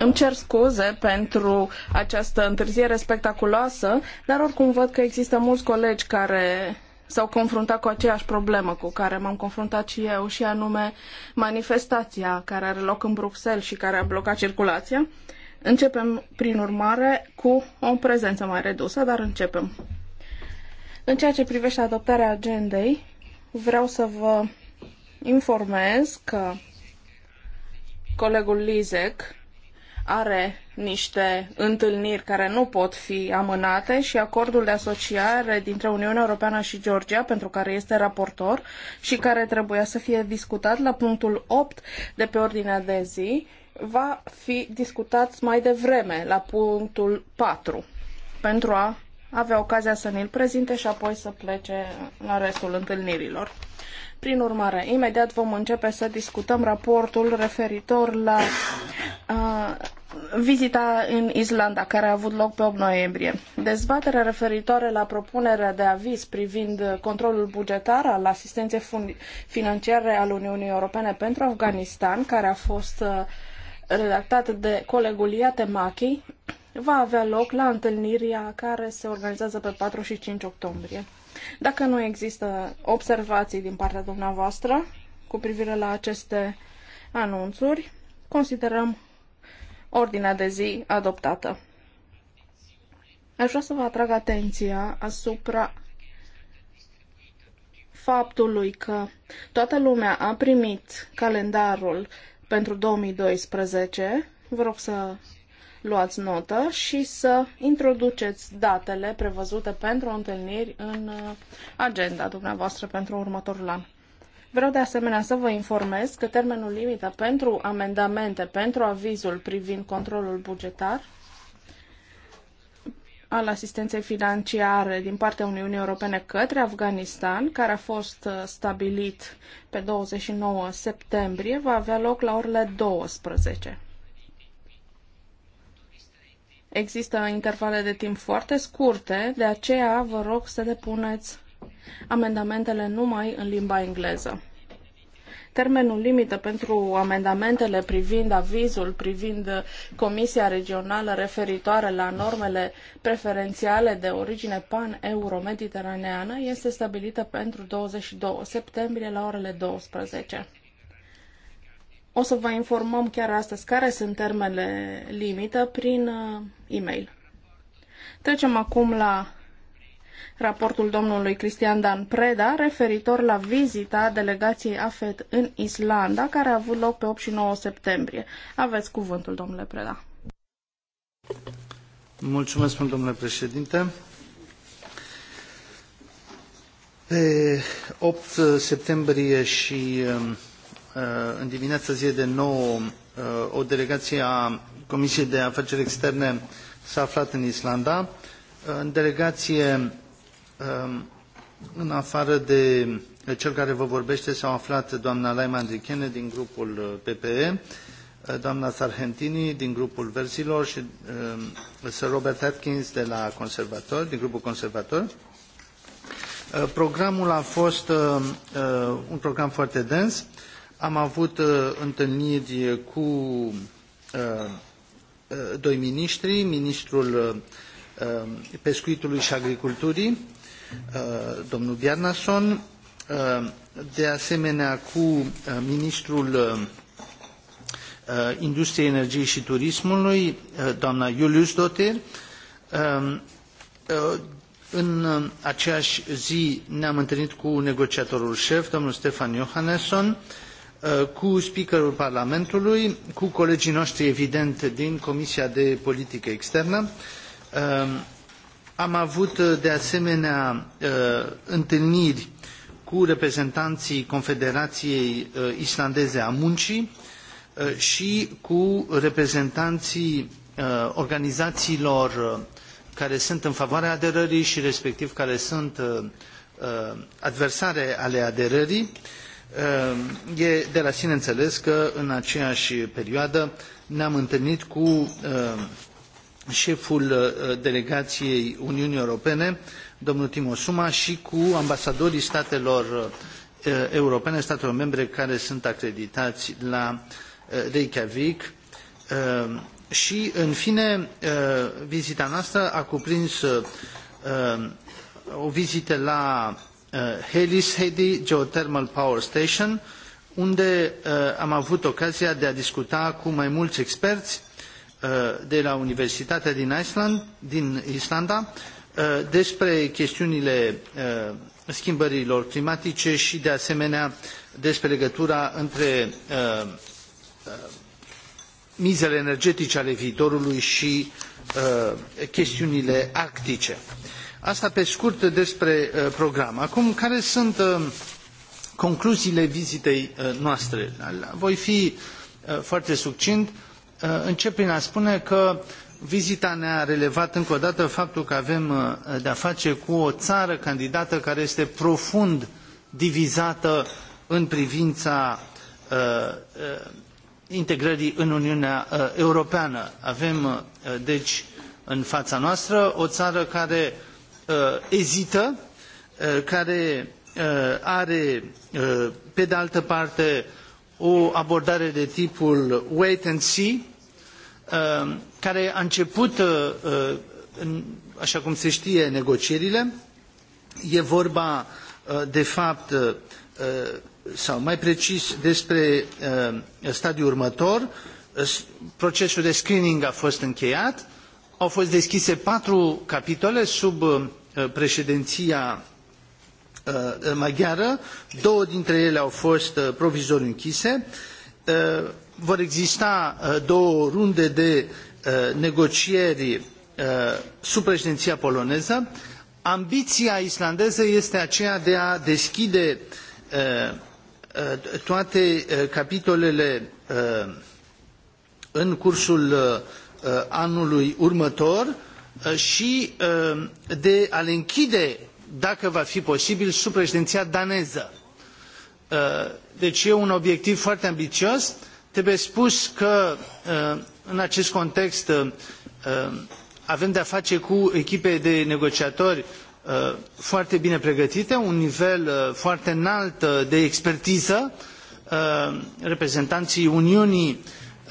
Îmi cer scuze pentru această întârziere spectaculoasă, dar oricum văd că există mulți colegi care s-au confruntat cu aceeași problemă cu care m-am confruntat și eu, și anume manifestația care are loc în Bruxelles și care a blocat circulația. Începem, prin urmare, cu o prezență mai redusă, dar începem. În ceea ce privește adoptarea agendei, vreau să vă informez că Colegul Lizek are niște întâlniri care nu pot fi amânate și acordul de asociare dintre Uniunea Europeană și Georgia, pentru care este raportor și care trebuia să fie discutat la punctul 8 de pe ordinea de zi, va fi discutat mai devreme la punctul 4 pentru a avea ocazia să ne-l prezinte și apoi să plece la restul întâlnirilor. Prin urmare, imediat vom începe să discutăm raportul referitor la uh, vizita în Islanda, care a avut loc pe 8 noiembrie. Dezbaterea referitoare la propunerea de aviz privind controlul bugetar al asistenței financiare al Uniunii Europene pentru Afganistan, care a fost uh, redactat de colegul iate Machi, va avea loc la întâlnirea care se organizează pe 4 și 5 octombrie. Dacă nu există observații din partea dumneavoastră cu privire la aceste anunțuri, considerăm ordinea de zi adoptată. Aș vrea să vă atrag atenția asupra faptului că toată lumea a primit calendarul pentru 2012. Vă rog să luați notă și să introduceți datele prevăzute pentru întâlniri în uh, agenda dumneavoastră pentru următorul an. Vreau de asemenea să vă informez că termenul limită pentru amendamente pentru avizul privind controlul bugetar al asistenței financiare din partea Uniunii Europene către Afganistan, care a fost uh, stabilit pe 29 septembrie, va avea loc la orele 12. Există intervale de timp foarte scurte, de aceea vă rog să depuneți amendamentele numai în limba engleză. Termenul limită pentru amendamentele privind avizul, privind Comisia Regională referitoare la normele preferențiale de origine pan-euro-mediteraneană este stabilită pentru 22 septembrie la orele 12. O să vă informăm chiar astăzi care sunt termenele limită prin uh, e-mail. Trecem acum la raportul domnului Cristian Dan Preda referitor la vizita delegației AFET în Islanda, care a avut loc pe 8 și 9 septembrie. Aveți cuvântul, domnule Preda. Mulțumesc, domnule președinte. Pe 8 septembrie și um, Uh, în dimineața zilei de nou uh, o delegație a Comisiei de Afaceri Externe s-a aflat în Islanda. Uh, în delegație, um, în afară de cel care vă vorbește, s-au aflat doamna Laima Andrichene din grupul PPE, doamna Sargentini din grupul Verzilor și um, Sir Robert Atkins de la conservator, din grupul conservator. Programul a fost un program foarte dens am avut uh, întâlniri cu uh, uh, doi miniștri, ministrul pescuitului și agriculturii, domnul Bjarnason, de asemenea cu ministrul Industriei, Energiei și Turismului, doamna Julius Dotir. Um, în aceeași zi ne-am întâlnit cu negociatorul șef, domnul Stefan Johannesson, Uh, cu speakerul Parlamentului, cu colegii noștri, evident, din Comisia de Politică Externă. Um, am avut, uh, de asemenea, uh, întâlniri cu reprezentanții Confederației Islandeze a Muncii și cu reprezentanții organizațiilor care sunt în favoarea aderării și respectiv care sunt adversare ale aderării. Ehm, e de la sine înțeles că în aceeași perioadă ne-am întâlnit cu ehm, șeful eh, delegației Uniunii Europene, domnul Timo Suma, și cu ambasadorii statelor eh, europene, statelor membre care sunt acreditați la eh, Reykjavik. Ehm, și, în fine, vizita noastră a cuprins o vizită la Helis uh, Hedi Geothermal Power Station, unde uh, am avut ocazia de a discuta cu mai mulți experți uh, de la Universitatea din, Iceland, din Islanda despre chestiunile schimbărilor climatice și de asemenea despre legătura între mizele energetice ale viitorului și chestiunile arctice. Asta pe scurt despre uh, program. Acum, care sunt uh, concluziile vizitei uh, noastre? Voi fi foarte succint. Încep prin a spune că vizita ne-a relevat încă o dată faptul că avem de-a face cu o țară candidată care este profund divizată în privința integrării în Uniunea Europeană. Avem, deci, în fața noastră o țară care Uh, ezită uh, care uh, are pe de altă parte o abordare de tipul wait and see care a început așa cum se știe negocierile e vorba de fapt sau mai precis despre stadiul următor procesul de screening a fost încheiat au fost deschise patru capitole sub uh, președinția uh, uh, maghiară, două dintre ele au fost provizoriu închise. Vor exista două runde de negocieri sub președinția poloneză. Ambiția islandeză este aceea de a deschide toate capitolele în cursul Uh, anului următor uh, și uh, de a le închide, dacă va fi posibil, sub președinția daneză. Deci e un obiectiv foarte ambițios. Trebuie spus că în acest context avem de a face cu echipe de negociatori foarte bine pregătite, un nivel foarte înalt de expertiză. Reprezentanții Uniunii Uh,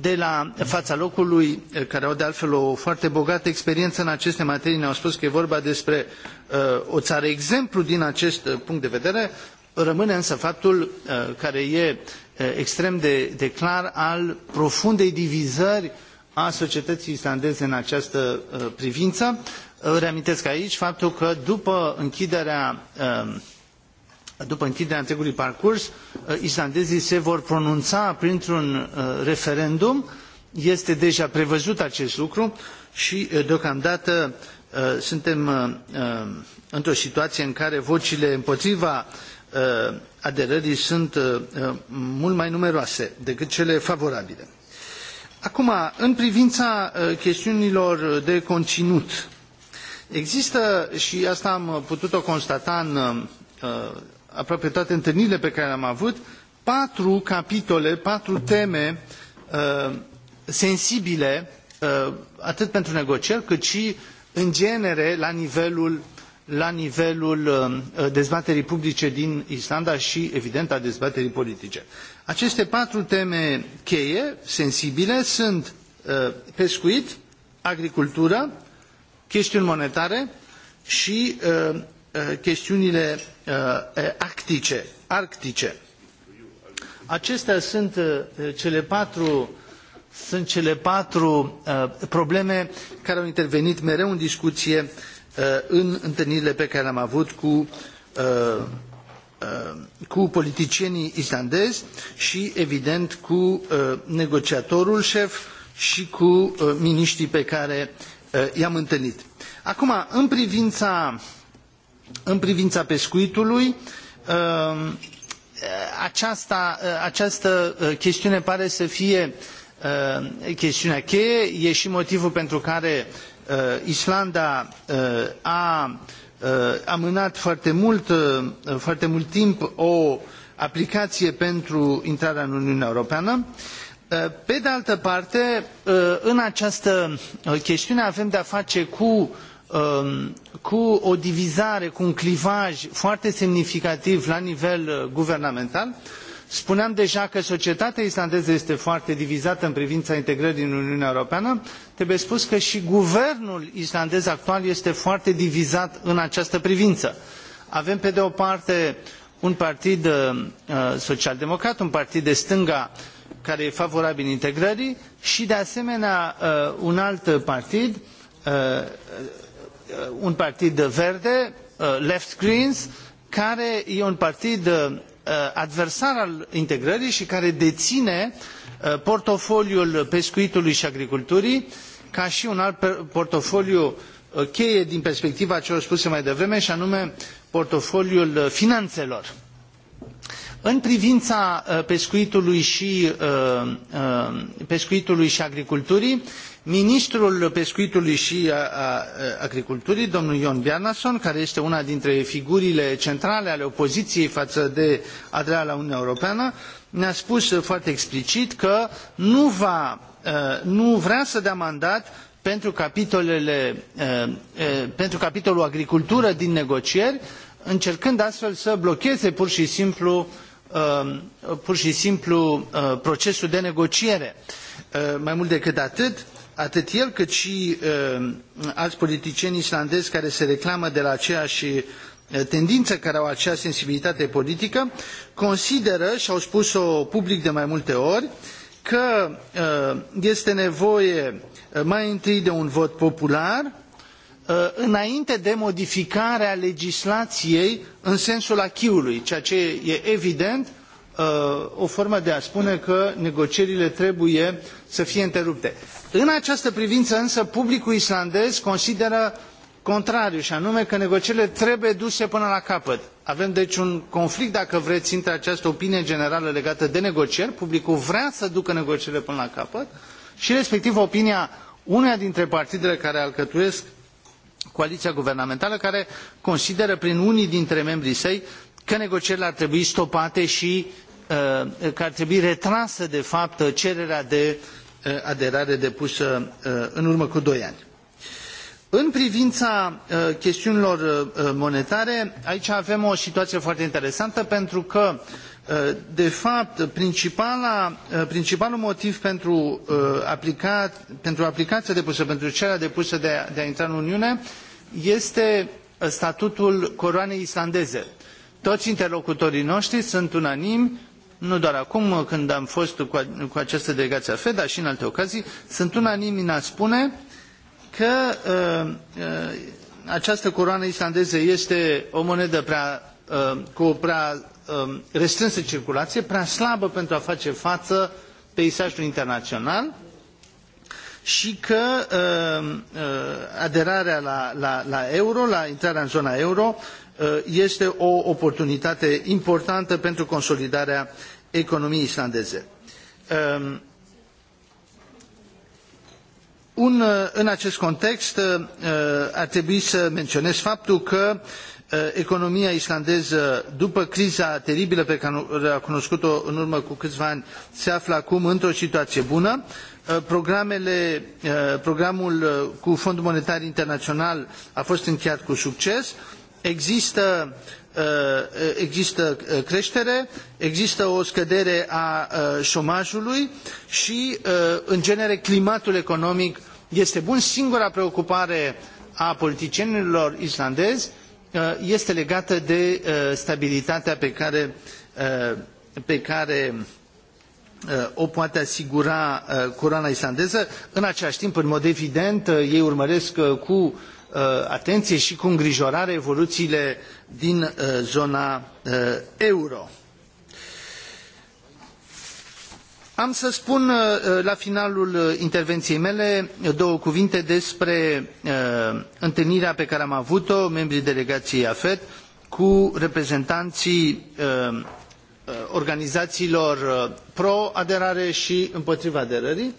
de la fața locului, uh, care au de altfel o foarte bogată experiență în aceste materii, ne-au spus că e vorba despre uh, o țară exemplu din acest punct de vedere. Rămâne însă faptul care e extrem de, de clar al profundei divizări a societății islandeze în această privință. Reamintesc aici faptul că după închiderea după închiderea întregului parcurs, uh, islandezii se vor pronunța printr-un uh, referendum. Este deja prevăzut acest lucru și uh, deocamdată suntem într-o situație în care vocile împotriva aderării sunt mult mai numeroase decât cele favorabile. Acum, în privința chestiunilor de conținut, există, și asta am putut-o constata în aproape toate întâlnirile pe care le am avut patru capitole patru teme uh, sensibile uh, atât pentru negocieri cât și în genere la nivelul, la nivelul uh, dezbaterii publice din Islanda și evident a dezbaterii politice. Aceste patru teme cheie sensibile sunt pescuit, agricultură, chestiuni monetare și Uh, chestiunile uh, arctice. Acestea sunt uh, cele patru probleme care au intervenit mereu în discuție în întâlnirile pe care le-am avut cu, politicienii islandezi și, evident, cu negociatorul șef și cu minitrii pe care i-am întâlnit. Acum, în privința în privința pescuitului um, această uh, chestiune pare să fie uh, chestiunea cheie e i motivul pentru care uh, islanda a amânat foarte mult, foarte mult timp o aplicație pentru intrarea în uniunea europeană. pe de altă parte în această chestiune avem de a face cu Um, cu o divizare, cu un clivaj foarte semnificativ la nivel uh, guvernamental. Spuneam deja că societatea islandeză este foarte divizată în privința integrării în Uniunea Europeană. Trebuie spus că și guvernul islandez actual este foarte divizat în această privință. Avem pe de o parte un partid uh, uh, social democrat un partid de stânga care e favorabil integrării și de asemenea un alt partid Uh, un partid verde, uh, Left Greens, care e un partid uh, adversar al integrării și care deine portofoliul pescuitului și agriculturii ca și un alt portofoliu cheie din perspectiva celor spuse mai devreme și anume portofoliul finanțelor. În privința pescuitului și, pescuitului și agriculturii, ministrul pescuitului și agriculturii, domnul Ion Bjarnason, care este una dintre figurile centrale ale opoziției față de aderarea la Uniunea Europeană, ne-a spus foarte explicit că nu, va, nu vrea să dea mandat pentru, capitolele, pentru capitolul agricultură din negocieri, încercând astfel să blocheze pur și simplu pur și simplu procesul de negociere. Mai mult decât atât, atât el cât și uh, alți politicieni islandezi care se reclamă de la aceeași uh, tendință, care au acea sensibilitate politică, consideră, și au spus-o public de mai multe ori, că uh, este nevoie uh, mai întâi de un vot popular, uh, înainte de modificarea legislației în sensul achiului, ceea ce e evident o formă de a spune că negocierile trebuie să fie întrerupte. În această privință însă publicul islandez consideră contrariul și anume că negocierile trebuie duse până la capăt. Avem deci un conflict, dacă vreți, între această opinie generală legată de negocieri, publicul vrea să ducă negocierile până la capăt, și respectiv opinia uneia dintre partidele care alcătuiesc coaliția guvernamentală, care consideră prin unii dintre membrii săi că negocierile ar trebui stopate și uh, că ar trebui retrasă, de fapt, cererea de uh, Uh, aderare depusă uh, în urmă cu doi ani. În privința uh, chestiunilor monetare, aici avem o situație foarte interesantă pentru că, de fapt, principalul motiv pentru, aplica, pentru aplicația depusă, pentru cererea depusă de a, de a intra în Uniune, este statutul coroanei islandeze. Toți interlocutorii noștri sunt unanimi nu doar acum când am fost cu, această delegaie a FED, dar și în alte ocazii, sunt unanim în a spune că uh, uh, această coroană islandeză este o monedă prea, uh, cu o prea restrânsă circulație, prea slabă pentru a face față peisajului internațional și că aderarea la, la, la, euro, la intrarea în zona euro, este o oportunitate importantă pentru consolidarea economiei islandeze. Ehm, un, uh, în acest context uh, uh, ar trebui să menționez faptul că economia islandeză după criza teribilă pe care a cunoscut o în urmă cu câțiva ani se află acum într o situație bună. Programele, programul cu fondul monetar internațional a fost încheiat cu succes există Uh, există uh, creștere, există o scădere a uh, omajului și, în genere, climatul economic este bun. Singura preocupare a politicienilor islandezi este legată de stabilitatea pe care, pe care o poate asigura coroana islandeză. În același timp, în mod evident, ei urmăresc cu Uh, atenție și cu îngrijorare evoluțiile din uh, zona uh, euro. Am să spun la finalul intervenției mele două cuvinte despre întâlnirea pe care am avut-o, membrii delegației AFET, cu reprezentanții organizațiilor pro-aderare și împotriva aderării.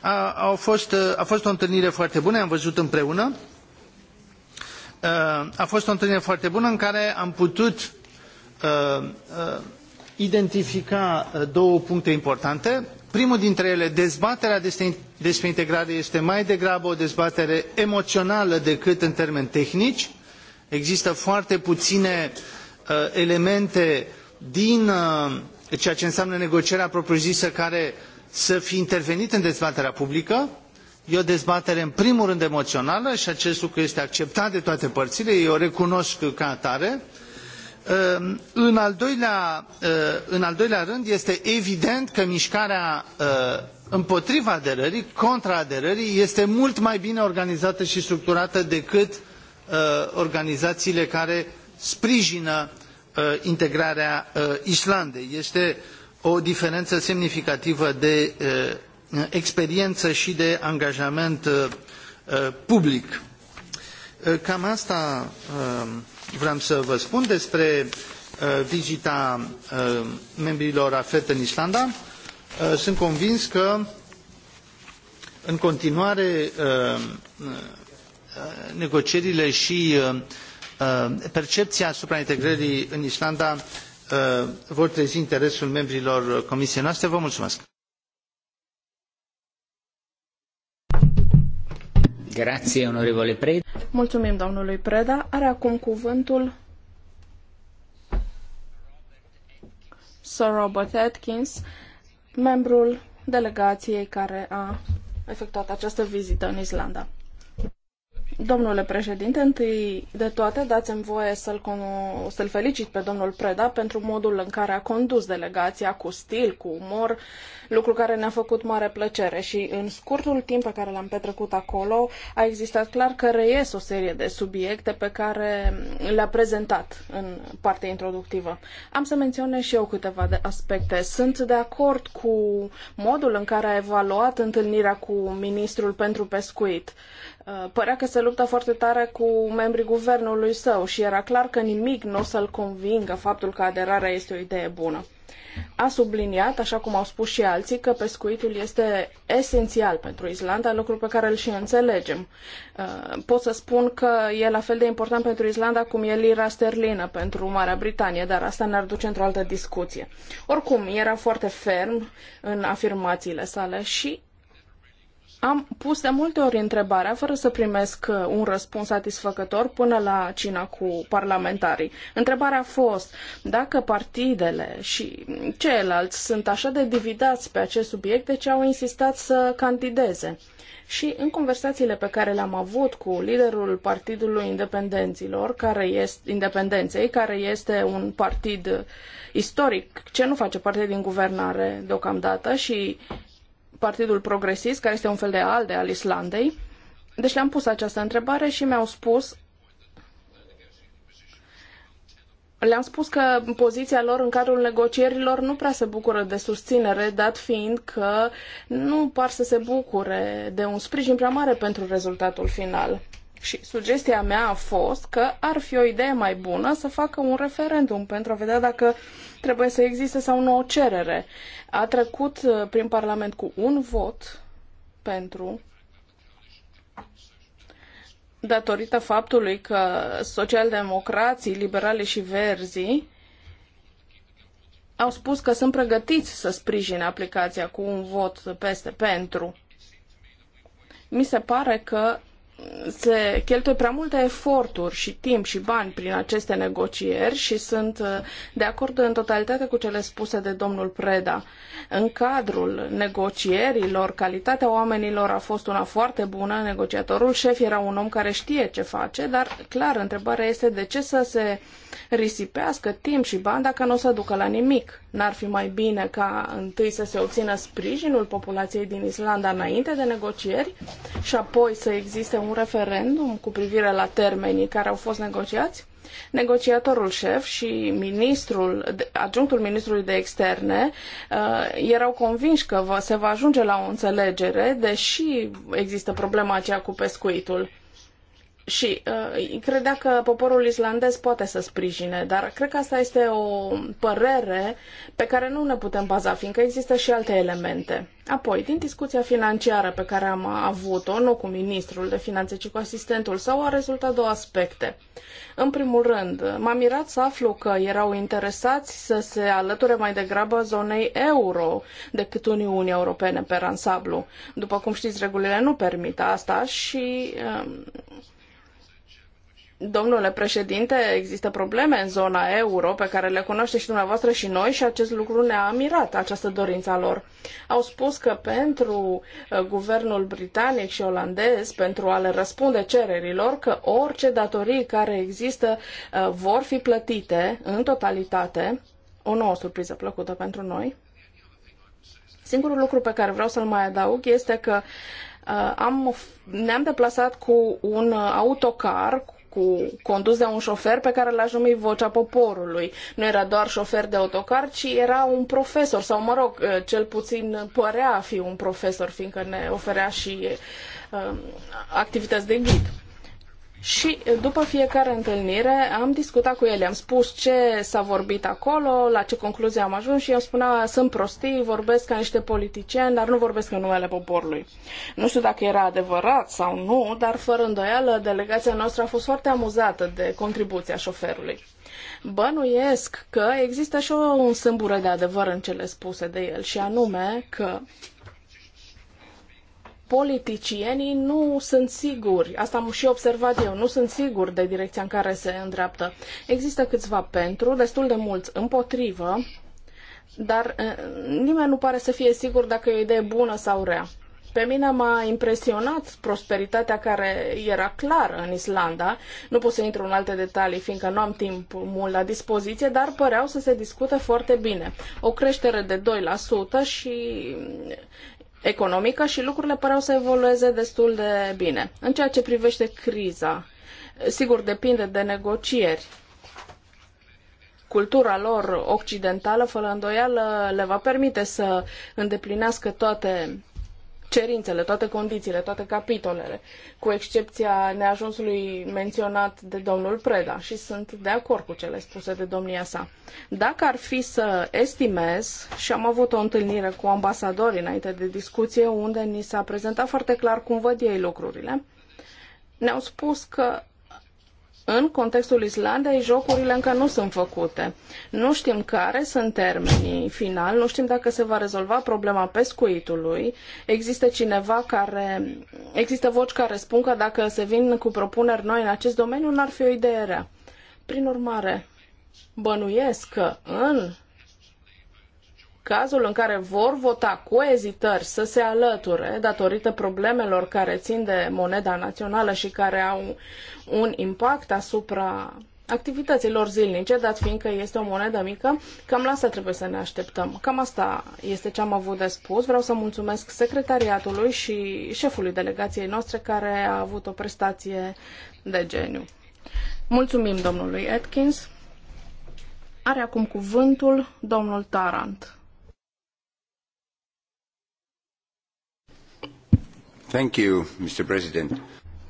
A, fost, a fost o întâlnire foarte bună, am văzut împreună. Uh, a fost o întâlnire foarte bună în care am putut uh, uh, identifica două puncte importante. Primul dintre ele, dezbaterea despre integrare este mai degrabă o dezbatere emoțională decât în termeni tehnici. Există foarte puține elemente din ceea ce înseamnă negocierea propriu-zisă care să fi intervenit în dezbaterea publică e o dezbatere în primul rând emoțională și acest lucru este acceptat de toate părțile, eu o recunosc ca atare. În al, doilea, în al doilea rând, este evident că mișcarea ă, împotriva aderării, contra aderării, este mult mai bine organizată și structurată decât ă, organizațiile care sprijină ă, integrarea Islandei. Este o diferență semnificativă de experiență și de angajament uh, uh, public. Uh, cam asta vreau să vă spun despre vizita membrilor AFET în Islanda. Sunt convins că în continuare negocierile și percepția asupra integrării în Islanda vor trezi interesul membrilor comisiei noastre. Vă mulțumesc! Grazie, onorevole Preda. Mulțumim domnului Preda. Are acum cuvântul Sir Robert Atkins, membrul delegației care a efectuat această vizită în Islanda. Domnule președinte, întâi de toate dați-mi voie să-l, să-l felicit pe domnul Preda pentru modul în care a condus delegația cu stil, cu umor, lucru care ne-a făcut mare plăcere și în scurtul timp pe care l-am petrecut acolo a existat clar că reies o serie de subiecte pe care le-a prezentat în partea introductivă. Am să menționez și eu câteva de aspecte. Sunt de acord cu modul în care a evaluat întâlnirea cu ministrul pentru pescuit. Uh, părea că se luptă foarte tare cu membrii guvernului său și era clar că nimic nu o să-l convingă faptul că aderarea este o idee bună. A subliniat, așa cum au spus și alții, că pescuitul este esențial pentru Islanda, lucru pe care îl și înțelegem. Uh, pot să spun că e la fel de important pentru Islanda cum e lira sterlină pentru Marea Britanie, dar asta ne-ar duce într-o altă discuție. Oricum, era foarte ferm în afirmațiile sale și am pus de multe ori întrebarea, fără să primesc uh, un răspuns satisfăcător, până la cina cu parlamentarii. Întrebarea a fost dacă partidele și ceilalți sunt așa de dividați pe acest subiect, de deci ce au insistat să candideze? Și în conversațiile pe care le-am avut cu liderul Partidului Independenților, care este, Independenței, care este un partid istoric, ce nu face parte din guvernare deocamdată și Partidul Progresist, care este un fel de alde al Islandei. Deci le-am pus această întrebare și mi-au spus le-am spus că poziția lor în cadrul negocierilor nu prea se bucură de susținere, dat fiind că nu par să se bucure de un sprijin prea mare pentru rezultatul final. Și sugestia mea a fost că ar fi o idee mai bună să facă un referendum pentru a vedea dacă trebuie să existe sau nu o cerere. A trecut uh, prin Parlament cu un vot pentru datorită faptului că socialdemocrații, liberale și verzii au spus că sunt pregătiți să sprijine aplicația cu un vot peste pentru. Mi se pare că se cheltuie prea multe eforturi și timp și bani prin aceste negocieri și sunt uh, de acord în totalitate cu cele spuse de domnul Preda. În cadrul negocierilor, calitatea oamenilor a fost una foarte bună, negociatorul șef era un om care știe ce face, dar clar, întrebarea este de ce să se risipească timp și bani dacă nu o să ducă la nimic. N-ar fi mai bine ca întâi să se obțină sprijinul populației din Islanda înainte de negocieri și apoi să existe un un referendum cu privire la termenii care au fost negociați. Negociatorul șef și ministrul, adjunctul ministrului de externe uh, erau convinși că se va ajunge la o înțelegere, deși există problema aceea cu pescuitul și uh, credea că poporul islandez poate să sprijine, dar cred că asta este o părere pe care nu ne putem baza, fiindcă există și alte elemente. Apoi, din discuția financiară pe care am avut-o, nu cu ministrul de finanțe, ci cu asistentul său, a rezultat două aspecte. În primul rând, m-a mirat să aflu că erau interesați să se alăture mai degrabă zonei euro decât Uniunii Europene pe ansamblu. După cum știți, regulile nu permit asta și uh, Domnule președinte, există probleme în zona euro pe care le cunoaște și dumneavoastră și noi și acest lucru ne-a mirat, această dorință a lor. Au spus că pentru uh, guvernul britanic și olandez, pentru a le răspunde cererilor, că orice datorii care există uh, vor fi plătite în totalitate. O nouă surpriză plăcută pentru noi. Singurul lucru pe care vreau să-l mai adaug este că uh, am, ne-am deplasat cu un autocar cu condus de un șofer pe care l-aș numi vocea poporului. Nu era doar șofer de autocar, ci era un profesor sau, mă rog, eh, cel puțin părea a fi un profesor, fiindcă ne oferea și uh, activități de ghid. Și eh, după fiecare întâlnire am discutat cu ele, am spus ce s-a vorbit acolo, la ce concluzie am ajuns și eu spunea, sunt prostii, vorbesc ca niște politicieni, dar nu vorbesc în numele poporului. Nu știu dacă era adevărat sau nu, dar fără îndoială delegația noastră a fost foarte amuzată de contribuția șoferului. Bănuiesc că există și o sâmbură de adevăr în cele spuse de el și anume că politicienii nu sunt siguri, asta am și observat eu, nu sunt siguri de direcția în care se îndreaptă. Există câțiva pentru, destul de mulți împotrivă, dar eh, nimeni nu pare să fie sigur dacă e o idee bună sau rea. Pe mine m-a impresionat prosperitatea care era clară în Islanda. Nu pot să intru în alte detalii, fiindcă nu am timp mult la dispoziție, dar păreau să se discute foarte bine. O creștere de 2% și economică și lucrurile păreau să evolueze destul de bine. În ceea ce privește criza, sigur, depinde de negocieri. Cultura lor occidentală, fără îndoială, le va permite să îndeplinească toate cerințele, toate condițiile, toate capitolele, cu excepția neajunsului menționat de domnul Preda și sunt de acord cu cele spuse de domnia sa. Dacă ar fi să estimez, și am avut o întâlnire cu ambasadorii înainte de discuție, unde ni s-a prezentat foarte clar cum văd ei lucrurile, ne-au spus că în contextul Islandei, jocurile încă nu sunt făcute. Nu știm care sunt termenii final, nu știm dacă se va rezolva problema pescuitului. Există cineva care, există voci care spun că dacă se vin cu propuneri noi în acest domeniu, n-ar fi o idee rea. Prin urmare, bănuiesc că în cazul în care vor vota cu ezitări să se alăture datorită problemelor care țin de moneda națională și care au un impact asupra activităților zilnice, dat fiindcă este o monedă mică, cam la asta trebuie să ne așteptăm. Cam asta este ce am avut de spus. Vreau să mulțumesc secretariatului și șefului delegației noastre care a avut o prestație de geniu. Mulțumim domnului Atkins. Are acum cuvântul domnul Tarant.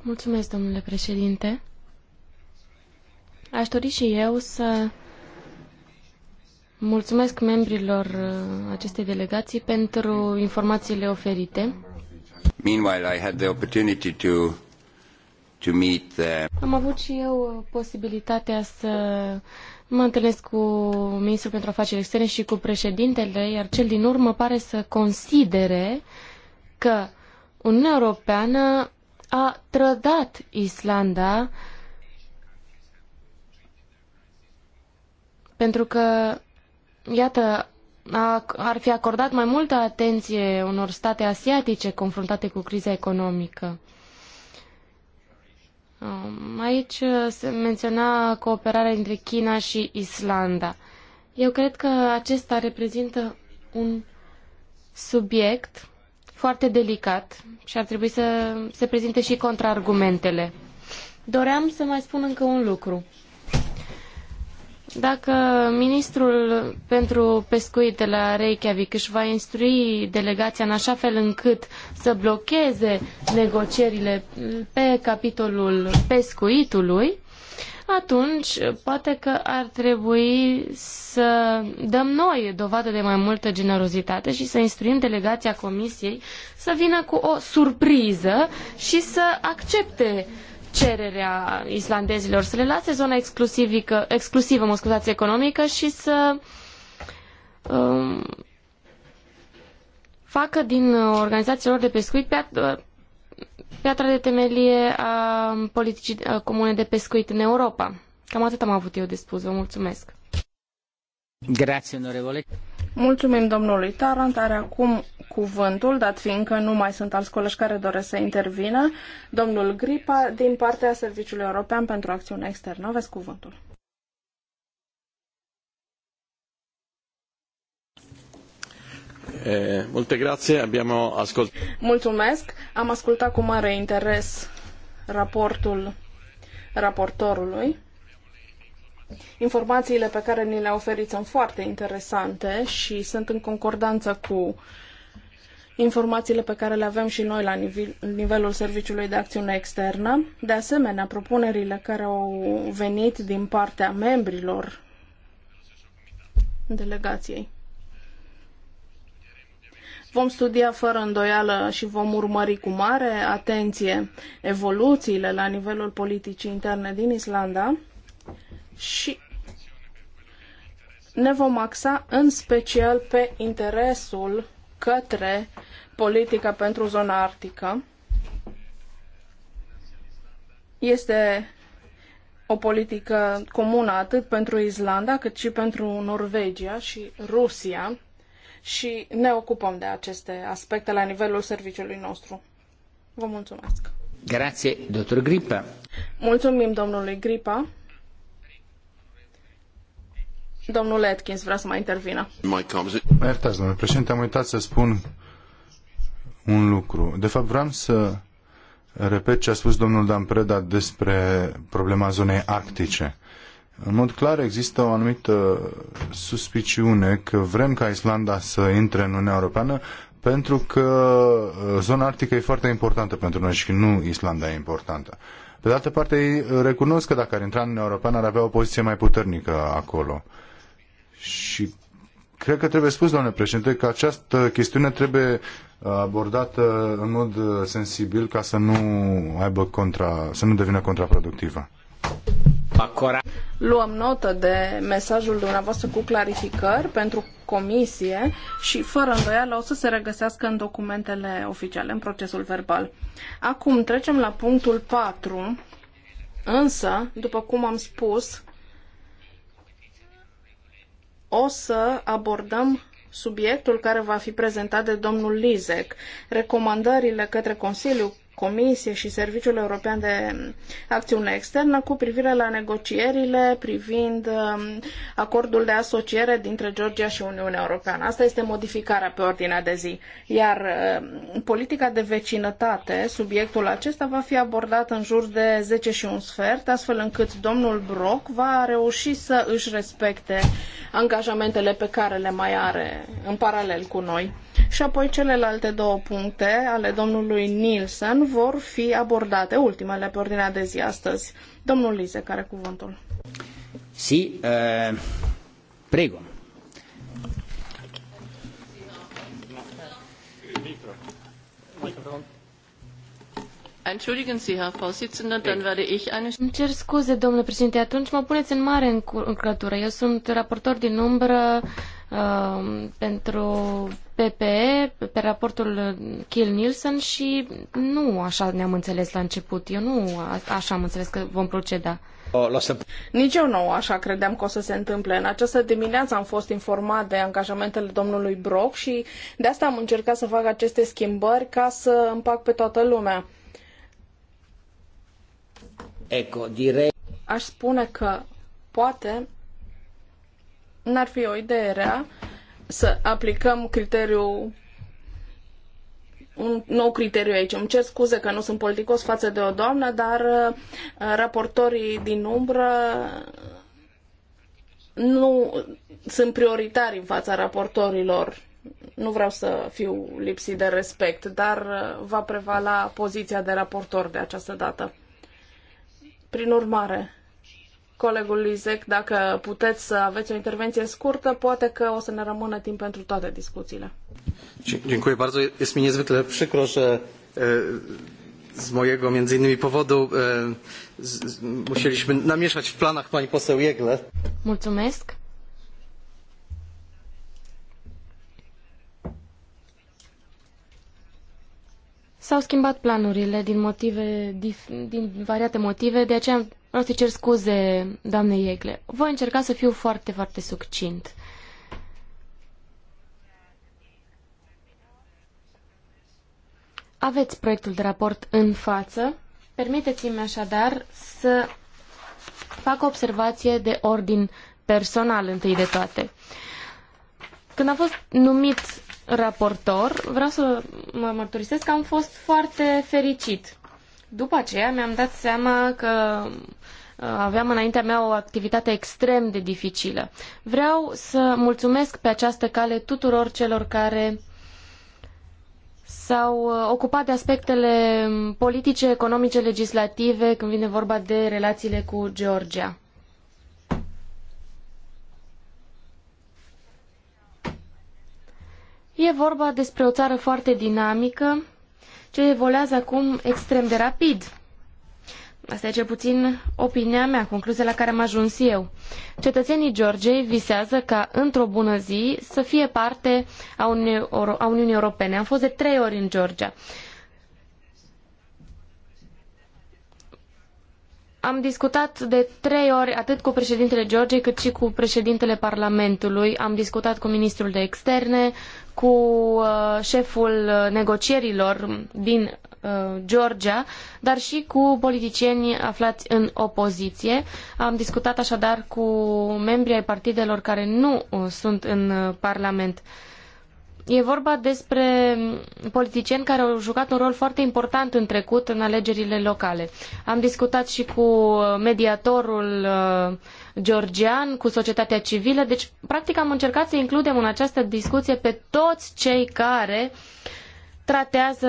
Mulțumesc, domnule președinte. Aș dori și eu să mulțumesc membrilor uh, acestei delegații pentru informațiile oferite. Meanwhile, I had the opportunity to to meet the... Am avut și eu uh, posibilitatea să mă întâlnesc cu ministrul pentru afaceri externe și cu președintele, iar cel din urmă pare să considere că Uniunea Europeană a trădat Islanda pentru că, iată, a, ar fi acordat mai multă atenție unor state asiatice confruntate cu criza economică. Um, aici uh, se menționa cooperarea dintre China și Islanda. Eu cred că acesta reprezintă un subiect foarte delicat și ar trebui să se prezinte și contraargumentele. Doream să mai spun încă un lucru. Dacă ministrul pentru pescuit de la Reykjavik își va instrui delegația în așa fel încât să blocheze negocierile pe capitolul pescuitului, atunci poate că ar trebui să dăm noi dovadă de mai multă generozitate și să instruim delegația comisiei să vină cu o surpriză și să accepte cererea islandezilor, să le lase zona exclusivică, exclusivă mă scuzați, economică și să um, facă din organizațiilor de pescuit pe, piatra de temelie a politicii comune de pescuit în Europa. Cam atât am avut eu de spus. Vă mulțumesc. Grazie, onorevole. Mulțumim domnului Tarant. Are acum cuvântul, dat fiindcă nu mai sunt alți colegi care doresc să intervină. Domnul Gripa, din partea Serviciului European pentru Acțiune Externă, aveți cuvântul. Eh, multe grazie, abbiamo Mulțumesc. Am ascultat cu mare interes raportul raportorului. Informațiile pe care ni le-a oferit sunt foarte interesante și sunt în concordanță cu informațiile pe care le avem și noi la nivelul Serviciului de Acțiune Externă. De asemenea, propunerile care au venit din partea membrilor delegației. Vom studia fără îndoială și vom urmări cu mare atenție evoluțiile la nivelul politicii interne din Islanda și ne vom axa în special pe interesul către politica pentru zona arctică. Este o politică comună atât pentru Islanda cât și pentru Norvegia și Rusia și ne ocupăm de aceste aspecte la nivelul serviciului nostru. Vă mulțumesc! Grazie, dottor Gripa. Mulțumim domnului Gripa. Domnul Atkins vrea să mai intervină. iertați, domnule președinte, am uitat să spun un lucru. De fapt, vreau să repet ce a spus domnul Dan Preda despre problema zonei arctice. În mod clar există o anumită suspiciune că vrem ca Islanda să intre în Uniunea Europeană pentru că uh, zona arctică e foarte importantă pentru noi și nu Islanda e importantă. Pe de altă parte, ei uh, recunosc că dacă ar intra în Uniunea Europeană ar avea o poziție mai puternică acolo. Și cred că trebuie spus, doamne președinte, că această chestiune trebuie uh, abordată în mod sensibil ca să nu aibă contra, să nu devină contraproductivă. Luăm notă de mesajul dumneavoastră cu clarificări pentru comisie și, fără îndoială, o să se regăsească în documentele oficiale, în procesul verbal. Acum trecem la punctul 4, însă, după cum am spus, o să abordăm subiectul care va fi prezentat de domnul Lizec, recomandările către Consiliu Comisie și Serviciul European de Acțiune Externă cu privire la negocierile privind um, acordul de asociere dintre Georgia și Uniunea Europeană. Asta este modificarea pe ordinea de zi. Iar um, politica de vecinătate, subiectul acesta, va fi abordat în jur de 10 și un sfert, astfel încât domnul Brok va reuși să își respecte angajamentele pe care le mai are în paralel cu noi și apoi celelalte două puncte ale domnului Nielsen vor fi abordate, ultimele pe ordinea de zi astăzi. Domnul Lize, care cuvântul? Si, uh, eh, prego. Entschuldigen Sie, Herr Vorsitzender, dann werde ich eine... Îmi cer scuze, domnule președinte, atunci mă puneți în mare încurcătură. Eu sunt raportor din umbră uh, Um, pentru PPE, pe raportul Kill nielsen și nu așa ne-am înțeles la început. Eu nu așa am înțeles că vom proceda. Nici eu nu așa credeam că o să se întâmple. În această dimineață am fost informat de angajamentele domnului Brock și de asta am încercat să fac aceste schimbări ca să împac pe toată lumea. Eco, direct. Aș spune că poate N-ar fi o idee rea să aplicăm criteriul un nou criteriu aici. Îmi cer scuze că nu sunt politicos față de o doamnă, dar uh, raportorii din umbră nu sunt prioritari în fața raportorilor. Nu vreau să fiu lipsit de respect, dar uh, va prevala poziția de raportor de această dată. Prin urmare, colegul Lizec, dacă puteți să aveți o intervenție scurtă, poate că o să ne rămână timp pentru toate discuțiile. Dziękuję bardzo. Jest mi niezwykle przykro, że z mojego między innymi powodu musieliśmy namieszać w planach pani poseł Jegle. Mulțumesc. S-au schimbat planurile din motive, din variate motive, de aceea Vreau să cer scuze, doamne Iegle. Voi încerca să fiu foarte, foarte succint. Aveți proiectul de raport în față. Permiteți-mi așadar să fac o observație de ordin personal întâi de toate. Când am fost numit raportor, vreau să mă mărturisesc că am fost foarte fericit după aceea mi-am dat seama că uh, aveam înaintea mea o activitate extrem de dificilă. Vreau să mulțumesc pe această cale tuturor celor care s-au uh, ocupat de aspectele politice, economice, legislative când vine vorba de relațiile cu Georgia. E vorba despre o țară foarte dinamică, ce evoluează acum extrem de rapid. Asta e cel puțin opinia mea, concluzia la care am ajuns eu. Cetățenii Georgiei visează ca într-o bună zi să fie parte a Uniunii, Euro a Uniunii Europene. Am fost de trei ori în Georgia. Am discutat de trei ori atât cu președintele Georgiei cât și cu președintele Parlamentului. Am discutat cu ministrul de externe, cu uh, șeful negocierilor din uh, Georgia, dar și cu politicieni aflați în opoziție. Am discutat așadar cu membrii ai partidelor care nu uh, sunt în Parlament. E vorba despre politicieni care au jucat un rol foarte important în trecut în alegerile locale. Am discutat și cu mediatorul uh, georgian, cu societatea civilă, deci practic am încercat să includem în această discuție pe toți cei care tratează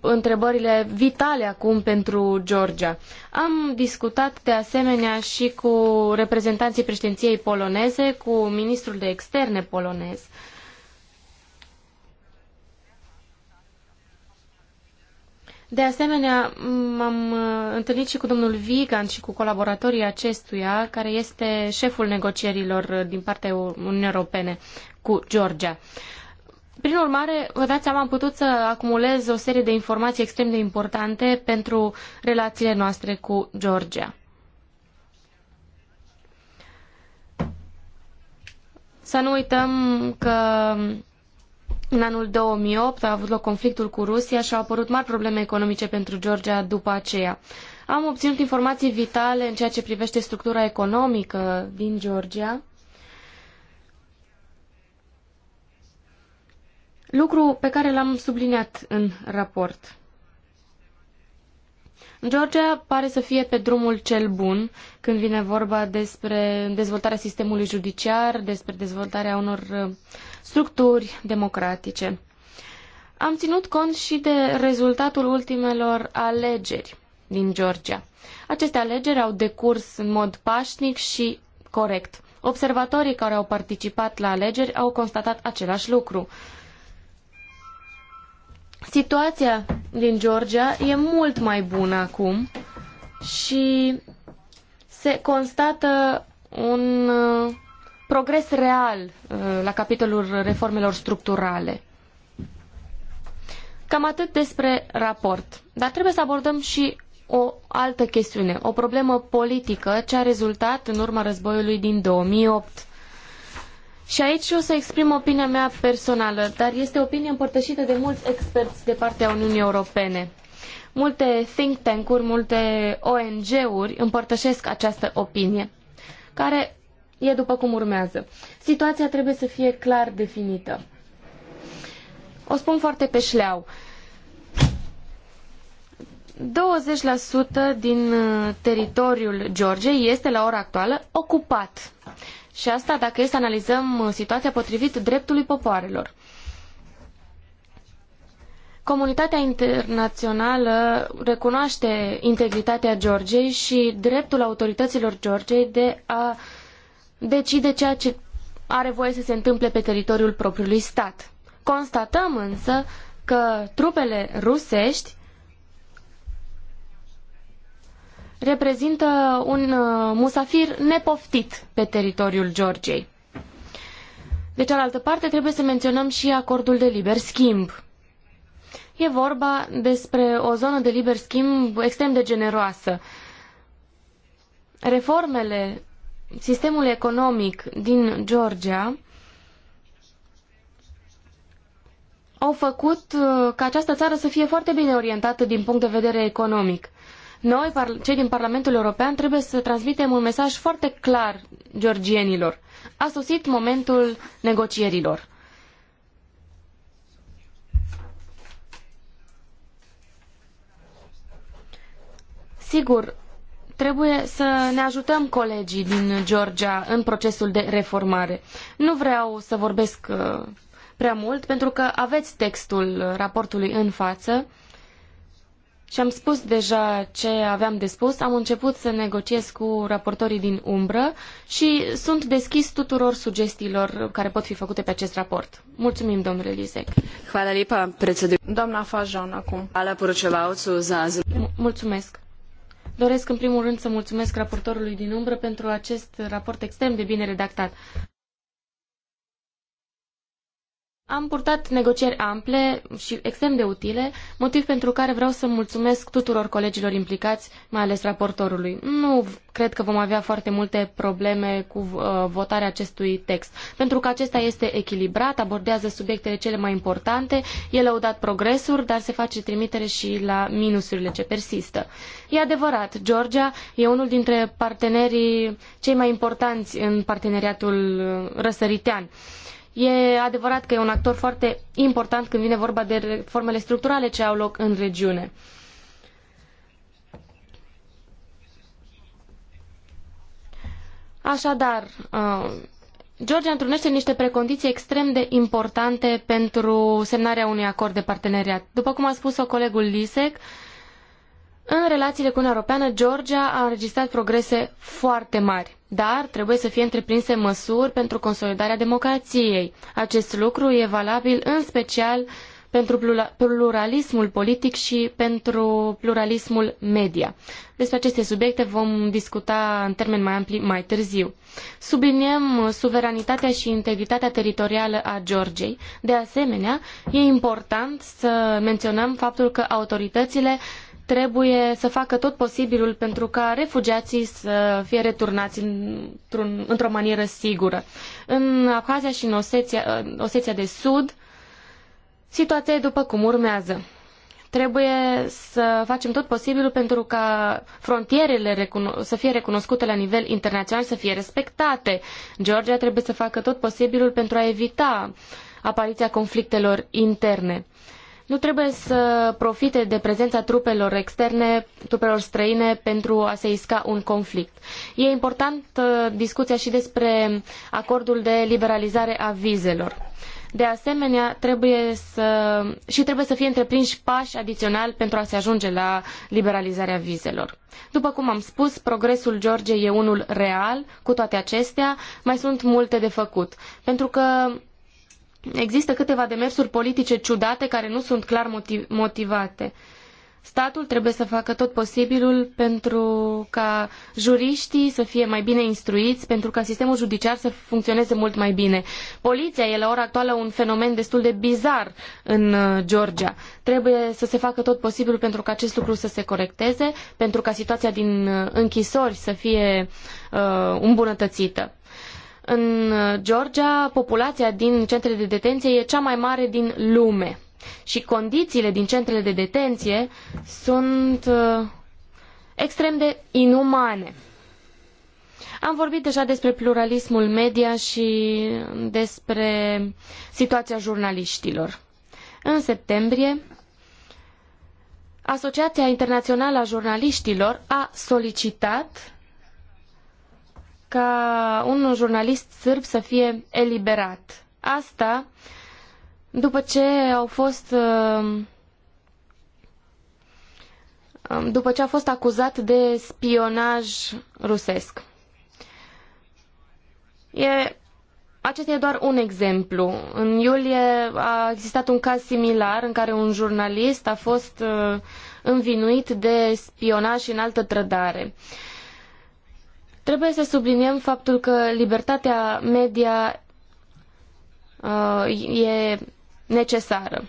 întrebările vitale acum pentru Georgia. Am discutat de asemenea și cu reprezentanții președinției poloneze, cu ministrul de externe polonez. Uh, De asemenea, m-am uh, întâlnit și cu domnul Vigan și cu colaboratorii acestuia, care este șeful negocierilor uh, din partea Uniunii Europene cu Georgia. Prin urmare, vă dați seama, am putut să acumulez o serie de informații extrem de importante pentru relațiile noastre cu Georgia. Să nu uităm că în anul 2008 a avut loc conflictul cu Rusia și au apărut mari probleme economice pentru Georgia după aceea. Am obținut informații vitale în ceea ce privește structura economică din Georgia. Lucru pe care l-am subliniat în raport. Georgia pare să fie pe drumul cel bun când vine vorba despre dezvoltarea sistemului judiciar, despre dezvoltarea unor uh, structuri democratice. Am ținut cont și de rezultatul ultimelor alegeri din Georgia. Aceste alegeri au decurs în mod pașnic și corect. Observatorii care au participat la alegeri au constatat același lucru. Situația din Georgia e mult mai bună acum și se constată un uh, progres real uh, la capitolul reformelor structurale. Cam atât despre raport. Dar trebuie să abordăm și o altă chestiune, o problemă politică ce a rezultat în urma războiului din 2008. Și aici o să exprim opinia mea personală, dar este o opinie împărtășită de mulți experți de partea Uniunii Europene. Multe think tank-uri, multe ONG-uri împărtășesc această opinie, care e după cum urmează. Situația trebuie să fie clar definită. O spun foarte pe șleau. 20% din uh, teritoriul Georgiei este la ora actuală ocupat. Și asta dacă e să analizăm uh, situația potrivit dreptului popoarelor. Comunitatea internațională recunoaște integritatea Georgiei și dreptul autorităților Georgiei de a decide ceea ce are voie să se întâmple pe teritoriul propriului stat. Constatăm însă că trupele rusești reprezintă un uh, musafir nepoftit pe teritoriul Georgiei. De cealaltă parte, trebuie să menționăm și acordul de liber schimb. E vorba despre o zonă de liber schimb extrem de generoasă. Reformele sistemului economic din Georgia au făcut uh, ca această țară să fie foarte bine orientată din punct de vedere economic. Noi, cei din Parlamentul European, trebuie să transmitem un mesaj foarte clar georgienilor. A sosit momentul negocierilor. Sigur, trebuie să ne ajutăm colegii din Georgia în procesul de reformare. Nu vreau să vorbesc uh, prea mult, pentru că aveți textul raportului în față și am spus deja ce aveam de spus. Am început să negociez cu raportorii din umbră și sunt deschis tuturor sugestiilor care pot fi făcute pe acest raport. Mulțumim, domnule Lisec. Hvala lipa, prețedu. Doamna Fajon, acum. Ala Purcevauțu, Zaz. Mulțumesc. Doresc în primul rând să mulțumesc raportorului din umbră pentru acest raport extrem de bine redactat. Am purtat negocieri ample și extrem de utile, motiv pentru care vreau să mulțumesc tuturor colegilor implicați, mai ales raportorului. Nu cred că vom avea foarte multe probleme cu uh, votarea acestui text, pentru că acesta este echilibrat, abordează subiectele cele mai importante, el au dat progresuri, dar se face trimitere și la minusurile ce persistă. E adevărat, Georgia e unul dintre partenerii cei mai importanți în parteneriatul uh, răsăritean. Uh, E adevărat că e un actor foarte important când vine vorba de reformele structurale ce au loc în regiune. Așadar, uh, Georgia întrunește niște precondiții extrem de importante pentru semnarea unui acord de parteneriat. După cum a spus-o colegul Lisek, în relațiile cu Uniunea Europeană, Georgia a înregistrat progrese foarte mari, dar trebuie să fie întreprinse măsuri pentru consolidarea democrației. Acest lucru e valabil în special pentru pluralismul politic și pentru pluralismul media. Despre aceste subiecte vom discuta în termen mai ampli mai târziu. Subliniem suveranitatea și integritatea teritorială a Georgiei. De asemenea, e important să menționăm faptul că autoritățile trebuie să facă tot posibilul pentru ca refugiații să fie returnați într-o într manieră sigură. În Abhazia și în Oseția, Oseția de Sud, situația e după cum urmează. Trebuie să facem tot posibilul pentru ca frontierele să fie recunoscute la nivel internațional, să fie respectate. Georgia trebuie să facă tot posibilul pentru a evita apariția conflictelor interne nu trebuie să profite de prezența trupelor externe, trupelor străine pentru a se isca un conflict. E important discuția și despre acordul de liberalizare a vizelor. De asemenea, trebuie să, și trebuie să fie întreprinși pași adițional pentru a se ajunge la liberalizarea vizelor. După cum am spus, progresul Georgiei e unul real, cu toate acestea mai sunt multe de făcut, pentru că există câteva demersuri politice ciudate care nu sunt clar motivate. Statul trebuie să facă tot posibilul pentru ca juriștii să fie mai bine instruiți, pentru ca sistemul judiciar să funcționeze mult mai bine. Poliția e la ora actuală un fenomen destul de bizar în uh, Georgia. Trebuie să se facă tot posibilul pentru ca acest lucru să se corecteze, pentru ca situația din uh, închisori să fie uh, îmbunătățită. În Georgia, populația din centrele de detenție e cea mai mare din lume și condițiile din centrele de detenție sunt uh, extrem de inumane. Am vorbit deja despre pluralismul media și despre situația jurnaliștilor. În septembrie, Asociația Internațională a Jurnaliștilor a solicitat ca un jurnalist sârb să fie eliberat. Asta după ce au fost uh, um, după ce a fost acuzat de spionaj rusesc. E, acesta e doar un exemplu. În iulie a existat un caz similar în care un jurnalist a fost uh, învinuit de spionaj și în altă trădare. Uh, Trebuie să subliniem faptul că libertatea media uh, e necesară.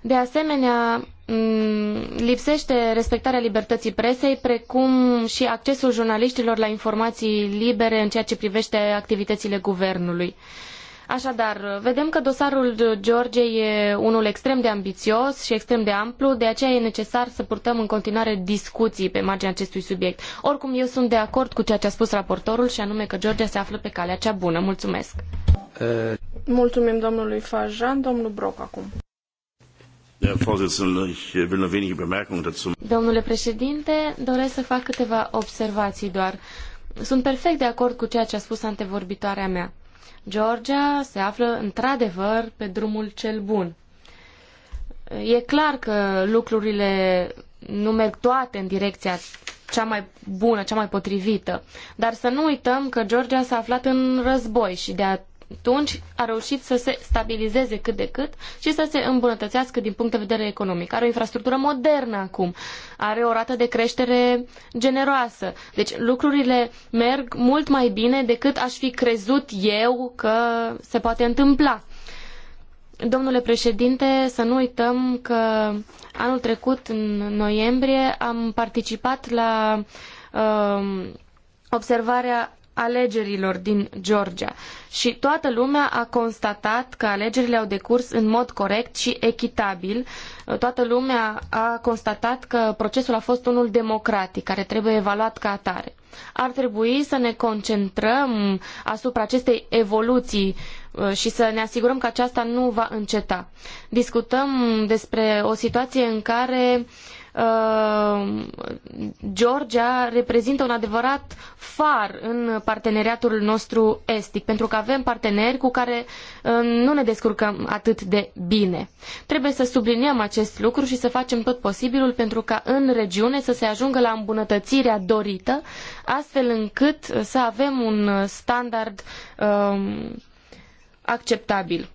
De asemenea, mm, lipsește respectarea libertății presei, precum și accesul jurnaliștilor la informații libere în ceea ce privește activitățile guvernului. Uh, Așadar, vedem că dosarul Georgiei e unul extrem de ambițios și extrem de amplu, de aceea e necesar să purtăm în continuare discuții pe marginea acestui subiect. Oricum, eu sunt de acord cu ceea ce a spus raportorul și anume că Georgia se află pe calea cea bună. Mulțumesc! Mulțumim domnului Fajan, domnul Broc acum. Domnule președinte, doresc să fac câteva observații doar. Sunt perfect de acord cu ceea ce a spus antevorbitoarea mea. Georgia se află într-adevăr pe drumul cel bun. E clar că lucrurile nu merg toate în direcția cea mai bună, cea mai potrivită. Dar să nu uităm că Georgia s-a aflat în război și de atunci a reușit să se stabilizeze cât de cât și să se îmbunătățească din punct de vedere economic. Are o infrastructură modernă acum, are o rată de creștere generoasă. Deci lucrurile merg mult mai bine decât aș fi crezut eu că se poate întâmpla. Domnule președinte, să nu uităm că anul trecut, în noiembrie, am participat la uh, observarea alegerilor din Georgia și toată lumea a constatat că alegerile au decurs în mod corect și echitabil. Toată lumea a constatat că procesul a fost unul democratic, care trebuie evaluat ca atare. Ar trebui să ne concentrăm asupra acestei evoluții uh, și să ne asigurăm că aceasta nu va înceta. Discutăm despre o situație în care uh, Uh, Georgia reprezintă un adevărat far în parteneriatul nostru estic, pentru că avem parteneri cu care uh, nu ne descurcăm atât de bine. Trebuie să subliniem acest lucru și să facem tot posibilul pentru ca în regiune să se ajungă la îmbunătățirea dorită, astfel încât să avem un standard um, acceptabil.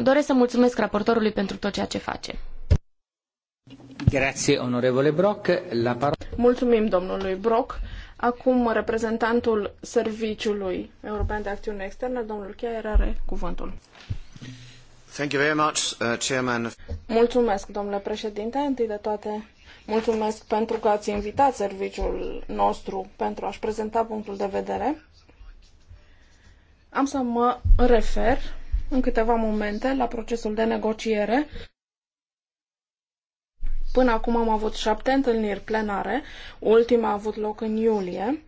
Doresc să mulțumesc raportorului pentru tot ceea ce face. Grazie, onorevole Brock. La Mulțumim domnului Brock. Acum reprezentantul Serviciului European de Acțiune Externă, domnul Cheia, are cuvântul. Thank you very much, uh, chairman. Mulțumesc, domnule președinte. Întâi de toate, mulțumesc pentru că ați invitat serviciul nostru pentru a-și prezenta punctul de vedere. Am să mă refer în câteva momente la procesul de negociere Până acum am avut șapte întâlniri plenare, ultima a avut loc în iulie,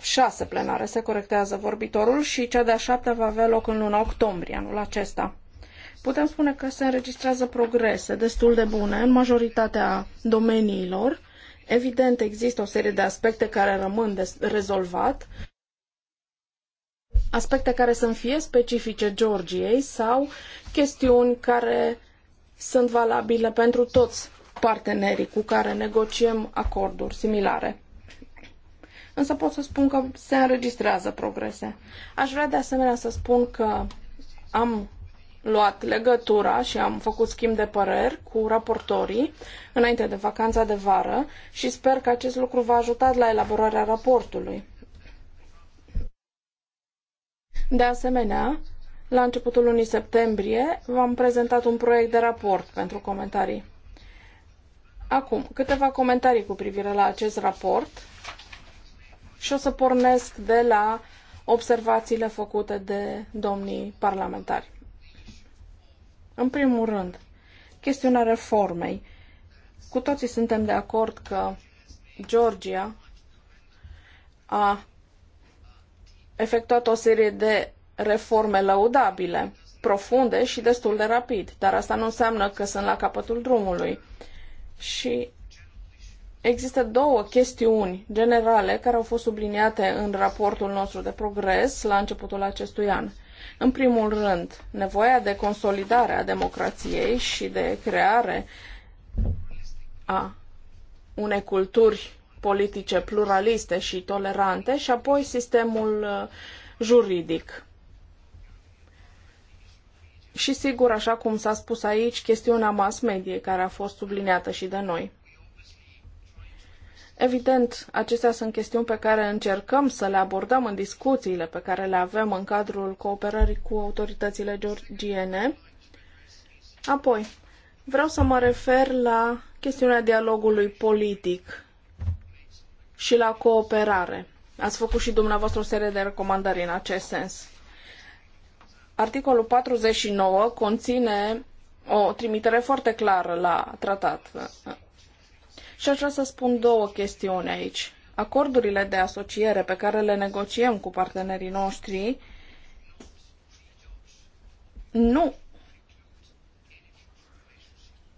șase plenare se corectează vorbitorul și cea de-a șaptea va avea loc în luna octombrie anul acesta. Putem spune că se înregistrează progrese destul de bune în majoritatea domeniilor. Evident, există o serie de aspecte care rămân de rezolvat, aspecte care sunt fie specifice Georgiei sau chestiuni care sunt valabile pentru toți partenerii cu care negociem acorduri similare. Însă pot să spun că se înregistrează progrese. Aș vrea de asemenea să spun că am luat legătura și am făcut schimb de păreri cu raportorii înainte de vacanța de vară și sper că acest lucru va ajuta la elaborarea raportului. De asemenea, la începutul lunii septembrie v-am prezentat un proiect de raport pentru comentarii. Acum, câteva comentarii cu privire la acest raport și o să pornesc de la observațiile făcute de domnii parlamentari. În primul rând, chestiunea reformei. Cu toții suntem de acord că Georgia a efectuat o serie de reforme lăudabile, profunde și destul de rapid, dar asta nu înseamnă că sunt la capătul drumului. Și există două chestiuni generale care au fost subliniate în raportul nostru de progres la începutul acestui an. În primul rând, nevoia de consolidare a democrației și de creare a unei culturi politice pluraliste și tolerante și apoi sistemul uh, juridic. Și sigur, așa cum s-a spus aici, chestiunea mass media care a fost subliniată și de noi. Evident, acestea sunt chestiuni pe care încercăm să le abordăm în discuțiile pe care le avem în cadrul cooperării cu autoritățile georgiene. Apoi, vreau să mă refer la chestiunea dialogului politic și la cooperare. Ați făcut și dumneavoastră o serie de recomandări în acest sens. Articolul 49 conține o trimitere foarte clară la tratat. Și aș vrea să spun două chestiuni aici. Acordurile de asociere pe care le negociem cu partenerii noștri nu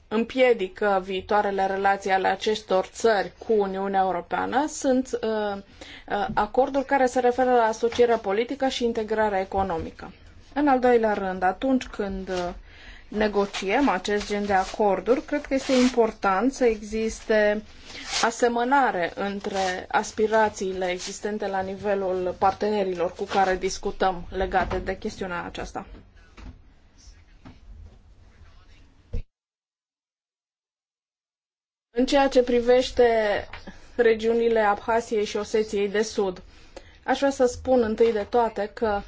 împiedică viitoarele relații ale acestor țări cu Uniunea Europeană sunt uh, uh acorduri care se referă la asocierea politică și integrarea economică. În al doilea rând, atunci când uh, negociem acest gen de acorduri, cred că este important să existe asemănare între aspirațiile existente la nivelul partenerilor cu care discutăm legate de chestiunea aceasta. În ceea ce privește regiunile Abhasiei și Oseției de Sud, aș vrea să spun întâi de toate că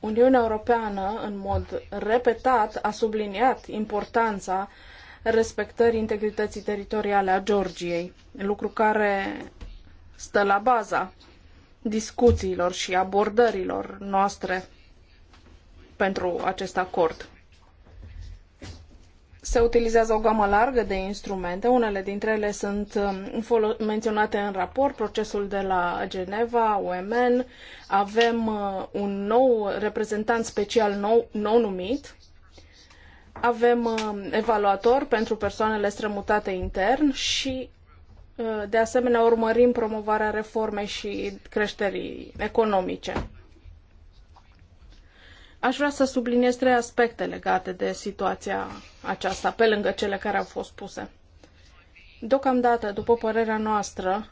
Uniunea Europeană, în mod repetat, a subliniat importanța respectării integrității teritoriale a Georgiei, lucru care stă la baza discuțiilor și abordărilor noastre pentru acest acord. Se utilizează o gamă largă de instrumente, unele dintre ele sunt um, menționate în raport, procesul de la Geneva, UMN, avem uh, un nou reprezentant special nou, nou numit, avem um, evaluator pentru persoanele strămutate intern și uh, de asemenea urmărim promovarea reformei și creșterii economice. Aș vrea să subliniez trei aspecte legate de situația aceasta, pe lângă cele care au fost puse. Deocamdată, după părerea noastră,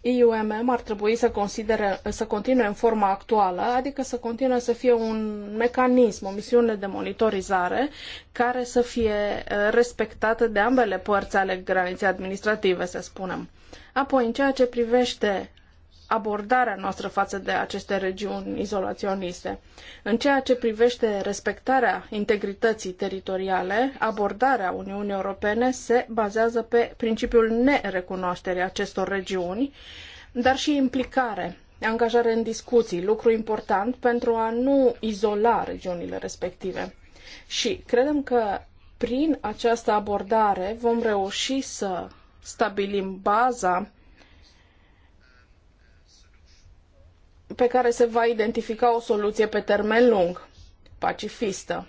IUMM ar trebui să, considere, să continue în forma actuală, adică să continue să fie un mecanism, o misiune de monitorizare care să fie eh, respectată de ambele părți ale graniței administrative, să spunem. Apoi, în ceea ce privește abordarea noastră față de aceste regiuni izolaționiste. În ceea ce privește respectarea integrității teritoriale, abordarea Uniunii Europene se bazează pe principiul nerecunoașterii acestor regiuni, dar și implicare, angajare în discuții, lucru important pentru a nu izola regiunile respective. Și credem că prin această abordare vom reuși să stabilim baza pe care se va identifica o soluție pe termen lung, pacifistă.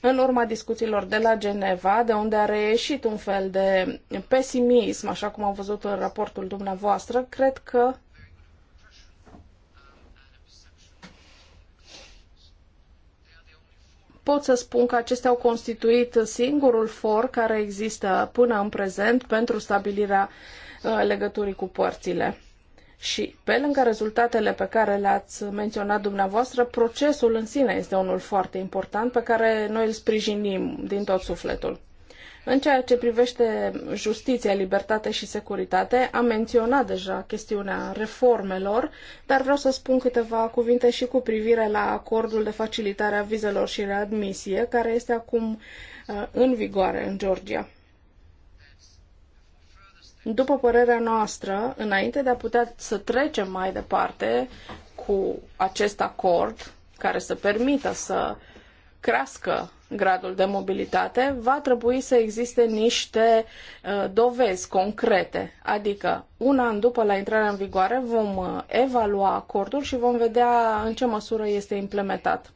În urma discuțiilor de la Geneva, de unde a reieșit un fel de pesimism, așa cum am văzut în raportul dumneavoastră, cred că pot să spun că acestea au constituit singurul for care există până în prezent pentru stabilirea uh, legăturii cu părțile. Și pe lângă rezultatele pe care le-ați menționat dumneavoastră, procesul în sine este unul foarte important pe care noi îl sprijinim din tot sufletul. În ceea ce privește justiția, libertate și securitate, am menționat deja chestiunea reformelor, dar vreau să spun câteva cuvinte și cu privire la acordul de facilitare a vizelor și readmisie, care este acum uh, în vigoare în Georgia. După părerea noastră, înainte de a putea să trecem mai departe cu acest acord care să permită să crească gradul de mobilitate, va trebui să existe niște uh, dovezi concrete. Adică, un an după la intrarea în vigoare, vom uh, evalua acordul și vom vedea în ce măsură este implementat.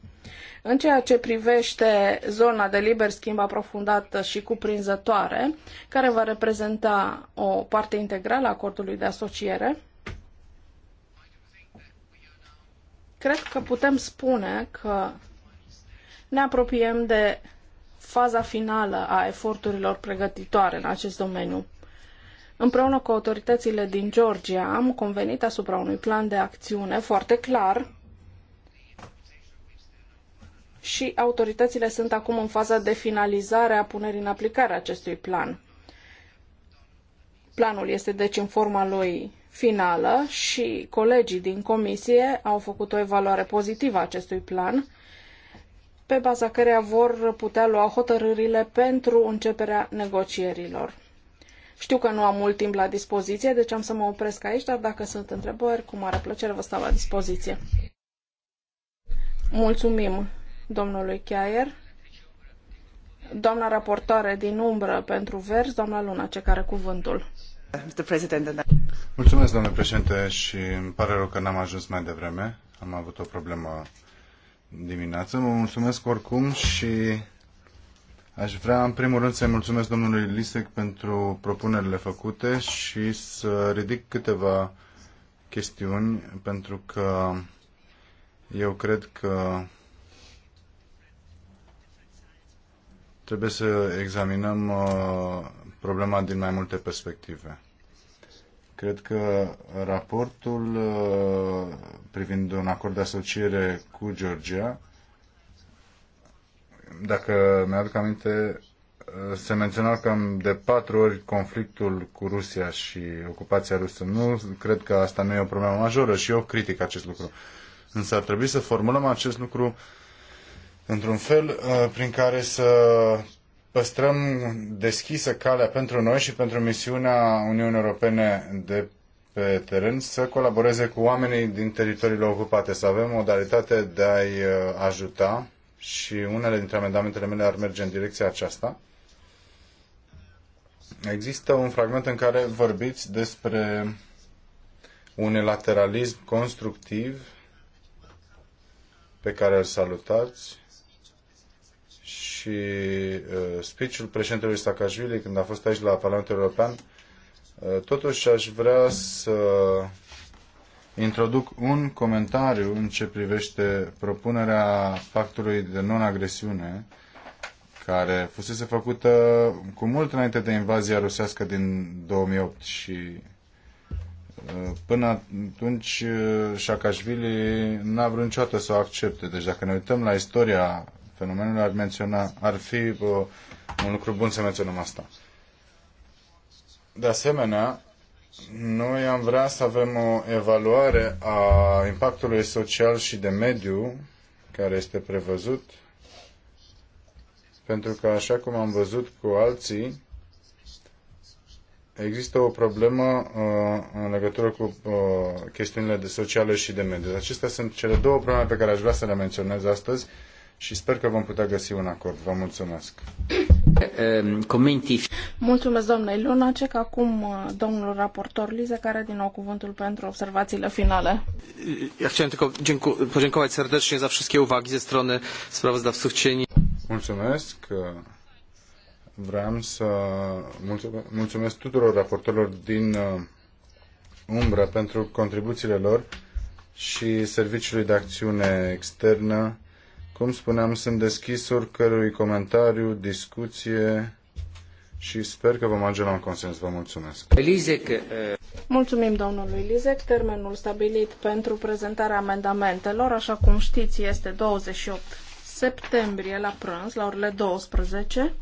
În ceea ce privește zona de liber schimb aprofundată și cuprinzătoare, care va reprezenta o parte integrală a acordului de asociere, cred că putem spune că ne apropiem de faza finală a eforturilor pregătitoare în acest domeniu. Împreună cu autoritățile din Georgia am convenit asupra unui plan de acțiune foarte clar și autoritățile sunt acum în faza de finalizare a punerii în aplicare a acestui plan. Planul este deci în forma lui finală și colegii din comisie au făcut o evaluare pozitivă a acestui plan, pe baza căreia vor putea lua hotărârile pentru începerea negocierilor. Știu că nu am mult timp la dispoziție, deci am să mă opresc aici, dar dacă sunt întrebări, cu mare plăcere vă stau la dispoziție. Mulțumim, domnului Chiaier, doamna raportoare din umbră pentru vers, doamna Luna, ce care cuvântul. Mulțumesc, domnule președinte, și îmi pare rău că n-am ajuns mai devreme. Am avut o problemă dimineață. Mă mulțumesc oricum și aș vrea în primul rând să-i mulțumesc domnului Lisec pentru propunerile făcute și să ridic câteva chestiuni pentru că eu cred că Trebuie să examinăm uh, problema din mai multe perspective. Cred că raportul uh, privind un acord de asociere cu Georgia, dacă mi-aduc aminte, uh, se menționa cam de patru ori conflictul cu Rusia și ocupația rusă. Nu cred că asta nu e o problemă majoră și eu critic acest lucru. Însă ar trebui să formulăm acest lucru într-un fel uh, prin care să păstrăm deschisă calea pentru noi și pentru misiunea Uniunii Europene de pe teren să colaboreze cu oamenii din teritoriile ocupate, să avem modalitate de a-i uh, ajuta și unele dintre amendamentele mele ar merge în direcția aceasta. Există un fragment în care vorbiți despre unilateralism constructiv pe care îl salutați și uh, speech-ul președintelui Sakașvili când a fost aici la Parlamentul European. Uh, totuși aș vrea să introduc un comentariu în ce privește propunerea pactului de non-agresiune care fusese făcută cu mult înainte de invazia rusească din 2008 și uh, Până atunci, Șacașvili uh, n-a vrut niciodată să o accepte. Deci dacă ne uităm la istoria fenomenul ar, menționa, ar fi bă, uh, un lucru bun să menționăm asta. De asemenea, noi am vrea să avem o evaluare a impactului social și de mediu care este prevăzut, pentru că, așa cum am văzut cu alții, există o problemă uh, în legătură cu uh, chestiunile de sociale și de mediu. Deci, acestea sunt cele două probleme pe care aș vrea să le menționez astăzi și sper că vom putea găsi un acord. Vă mulțumesc. Ehm, Comentii. Mulțumesc, doamnei Lunacek. Acum, uh, domnul raportor Lize, care din nou cuvântul pentru observațiile finale. Ja chciałem tylko podziękować serdecznie za wszystkie uwagi ze strony sprawozdawców cieni. Mulțumesc. Vreau să mulțumesc tuturor raportorilor din uh, umbră pentru contribuțiile lor și Serviciului de Acțiune Externă cum spuneam, sunt deschis oricărui comentariu, discuție și sper că vom ajunge la un consens. Vă mulțumesc. Elizec, uh... Mulțumim domnului Lizec. Termenul stabilit pentru prezentarea amendamentelor, așa cum știți, este 28 septembrie la prânz, la orele 12.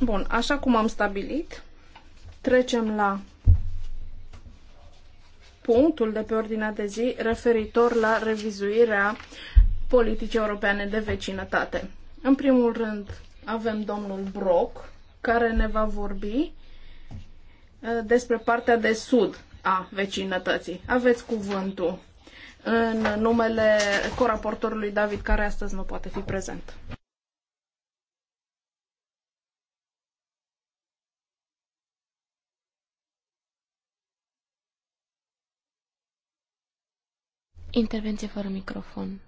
Bun, așa cum am stabilit, trecem la punctul de pe ordinea de zi referitor la revizuirea politicii europene de vecinătate. În primul rând, avem domnul Brock, care ne va vorbi uh, despre partea de sud a vecinătății. Aveți cuvântul în numele coraportorului David, care astăzi nu poate fi prezent. Intervenție fără microfon.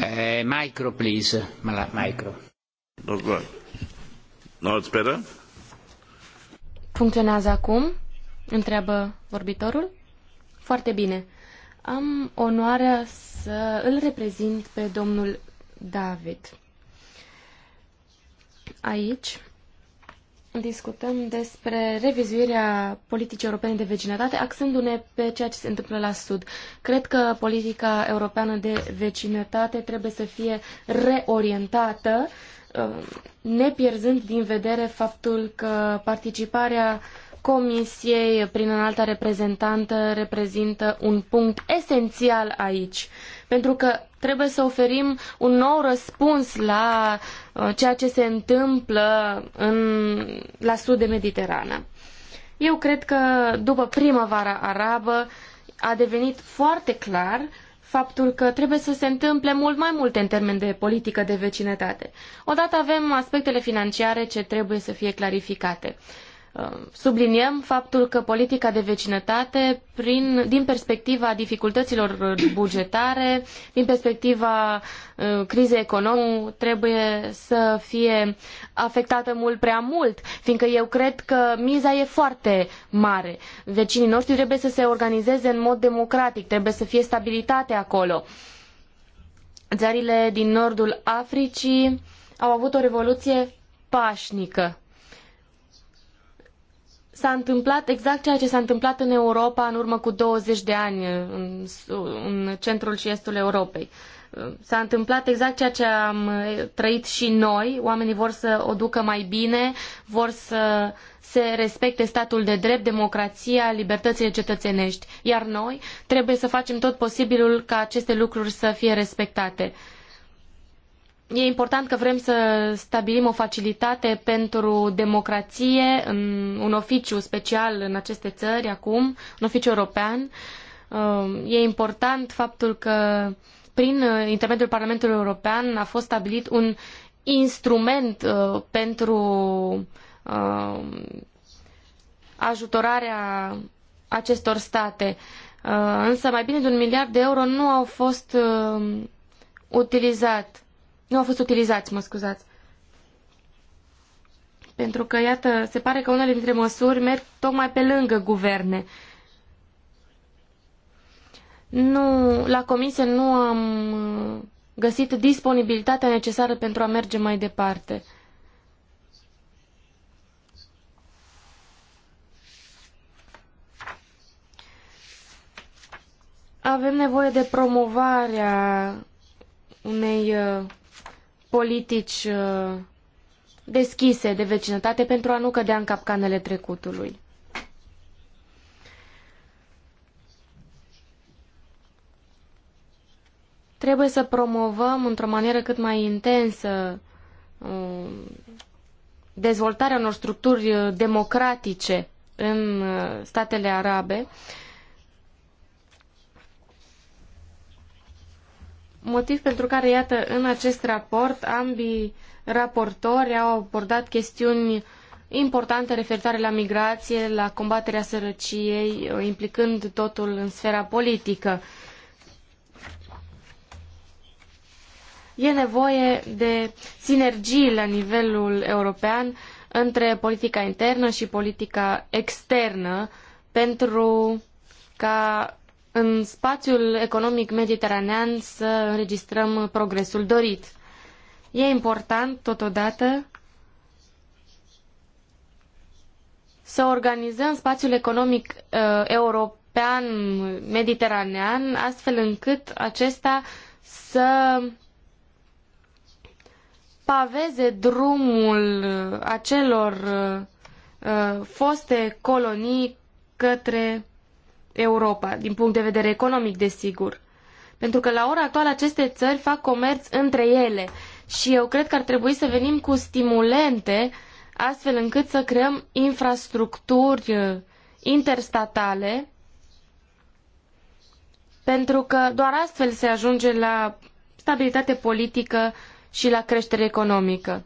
Eh, micro, please. la Micro. Not good. Now it's better? Funcționează acum? Întreabă vorbitorul. Foarte bine. Am onoarea să îl reprezint pe domnul David. Aici discutăm despre revizuirea politicii europene de vecinătate, axându-ne pe ceea ce se întâmplă la Sud. Cred că politica europeană de vecinătate trebuie să fie reorientată, uh, ne pierzând din vedere faptul că participarea Comisiei prin înalta reprezentantă reprezintă un punct esențial aici pentru că trebuie să oferim un nou răspuns la uh, ceea ce se întâmplă în, la sud de Mediterană. Eu cred că după primăvara arabă a devenit foarte clar faptul că trebuie să se întâmple mult mai multe în termen de politică de vecinătate. Odată avem aspectele financiare ce trebuie să fie clarificate subliniem faptul că politica de vecinătate, prin, din perspectiva dificultăților bugetare, din perspectiva uh, crizei economice, trebuie să fie afectată mult prea mult, fiindcă eu cred că miza e foarte mare. Vecinii noștri trebuie să se organizeze în mod democratic, trebuie să fie stabilitate acolo. Țările din nordul Africii au avut o revoluție pașnică s-a întâmplat exact ceea ce s-a întâmplat în Europa în urmă cu 20 de ani, în, în centrul și estul Europei. S-a întâmplat exact ceea ce am eh, trăit și noi. Oamenii vor să o ducă mai bine, vor să se respecte statul de drept, democrația, libertățile cetățenești. Iar noi trebuie să facem tot posibilul ca aceste lucruri să fie respectate. Uh, E important că vrem să stabilim o facilitate pentru democrație, în un oficiu special în aceste țări acum, un oficiu european. Uh, e important faptul că prin uh, intermediul Parlamentului European a fost stabilit un instrument uh, pentru ajutorarea acestor state. Însă mai bine de un miliard de euro nu au fost utilizat nu au fost utilizați, mă scuzați. Pentru că, iată, se pare că unele dintre măsuri merg tocmai pe lângă guverne. Nu, la comisie nu am uh, găsit disponibilitatea necesară pentru a merge mai departe. Avem nevoie de promovarea unei uh, politici uh, deschise de vecinătate pentru a nu cădea în capcanele trecutului. Trebuie să promovăm într-o manieră cât mai intensă uh, dezvoltarea unor structuri uh, democratice în statele arabe, uh, Motiv pentru care, iată, în acest raport, ambii raportori au abordat chestiuni importante referitoare la migrație, la combaterea sărăciei, implicând totul în sfera politică. E nevoie de sinergii la nivelul european între politica internă și politica externă pentru ca în spațiul economic mediteranean să înregistrăm progresul dorit. E important, totodată, să organizăm spațiul economic uh, european mediteranean astfel încât acesta să paveze drumul uh, acelor uh, uh, foste colonii către Europa, din punct de vedere economic, desigur. Pentru că la ora actuală aceste țări fac comerț între ele și eu cred că ar trebui să venim cu stimulente astfel încât să creăm infrastructuri uh, interstatale pentru că doar astfel se ajunge la stabilitate politică și la creștere economică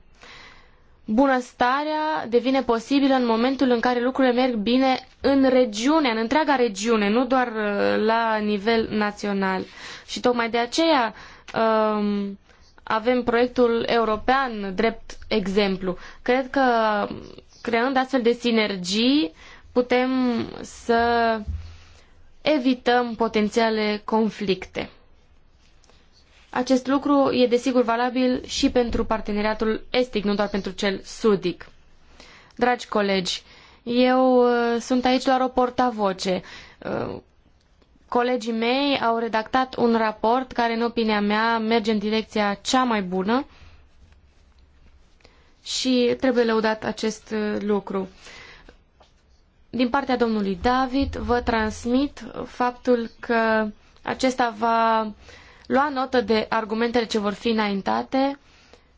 bunăstarea devine posibilă în momentul în care lucrurile merg bine în regiune, în întreaga regiune, nu doar uh, la nivel național. Și tocmai de aceea um, avem proiectul european drept exemplu. Cred că creând astfel de sinergii putem să evităm potențiale conflicte. Acest lucru e desigur valabil și pentru parteneriatul estic, nu doar pentru cel sudic. Dragi colegi, eu uh, sunt aici doar o portavoce. Uh, colegii mei au redactat un raport care, în opinia mea, merge în direcția cea mai bună și trebuie lăudat acest uh, lucru. Din partea domnului David, vă transmit faptul că acesta va lua notă de argumentele ce vor fi înaintate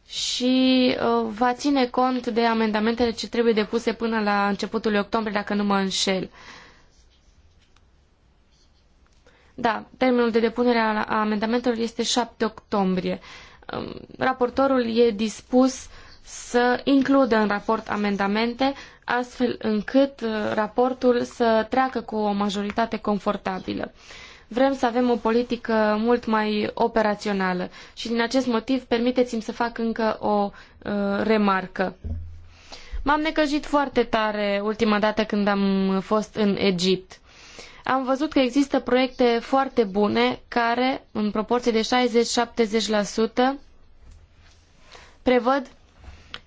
și uh, va ține cont de amendamentele ce trebuie depuse până la începutul lui octombrie, dacă nu mă înșel. Da, termenul de depunere a amendamentelor este 7 octombrie. Uh, raportorul e dispus să includă în raport amendamente, astfel încât uh, raportul să treacă cu o majoritate confortabilă. Uh, Vrem să avem o politică mult mai operațională și din acest motiv permiteți-mi să fac încă o uh, remarcă. M-am necăjit foarte tare ultima dată când am fost în Egipt. Am văzut că există proiecte foarte bune care, în proporție de 60-70%, prevăd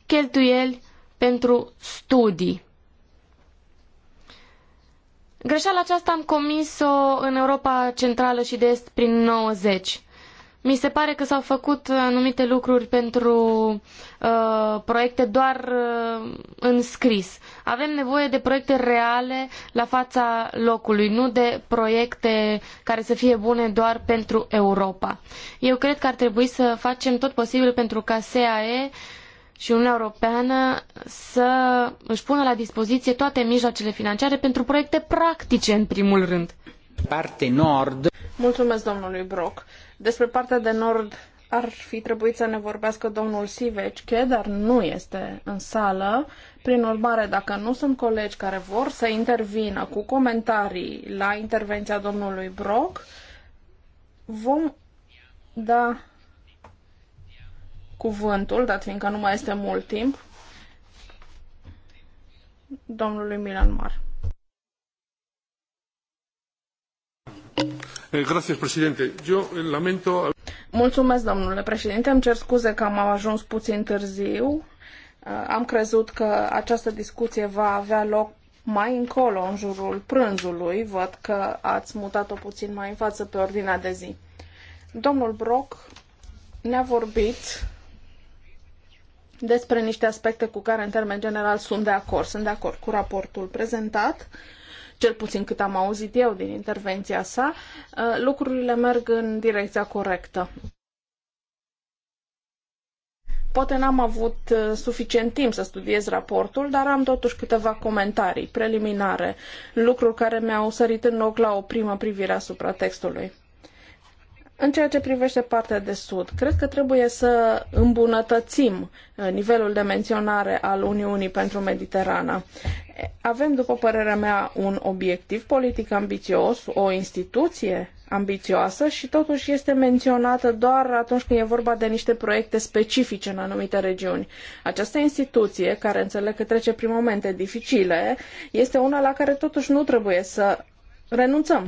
cheltuieli pentru studii. Greșeala aceasta am comis-o în Europa Centrală și de Est prin 90. Mi se pare că s-au făcut uh, anumite lucruri pentru uh, proiecte doar uh, în scris. Avem nevoie de proiecte reale la fața locului, nu de proiecte care să fie bune doar pentru Europa. Eu cred că ar trebui să facem tot posibil pentru ca SAE uh, și Uniunea Europeană să își pună la dispoziție toate mijloacele financiare pentru proiecte practice, în primul rând. Parte nord. Mulțumesc domnului Brock. Despre partea de nord ar fi trebuit să ne vorbească domnul Siveciche, dar nu este în sală. Prin urmare, dacă nu sunt colegi care vor să intervină cu comentarii la intervenția domnului Brock, vom da cuvântul, dat fiindcă nu mai este mult timp, domnului Milan Mar. Eh, gracias, presidente. Eu eh, lamento... Mulțumesc, domnule președinte. Îmi cer scuze că am ajuns puțin târziu. Eh, am crezut că această discuție va avea loc mai încolo, în jurul prânzului. Văd că ați mutat-o puțin mai în față pe ordinea de zi. Domnul Brock ne-a vorbit despre niște aspecte cu care, în termen general, sunt de acord. Sunt de acord cu raportul prezentat, cel puțin cât am auzit eu din intervenția sa. Uh, lucrurile merg în direcția corectă. Poate n-am avut uh, suficient timp să studiez raportul, dar am totuși câteva comentarii preliminare, lucruri care mi-au sărit în ochi la o primă privire asupra textului. În ceea ce privește partea de sud, cred că trebuie să îmbunătățim uh, nivelul de menționare al Uniunii pentru Mediterana. Avem, după părerea mea, un obiectiv politic ambițios, o instituție ambițioasă și totuși este menționată doar atunci când e vorba de niște proiecte specifice în anumite regiuni. Această instituție, care înțeleg că trece prin momente dificile, este una la care totuși nu trebuie să renunțăm.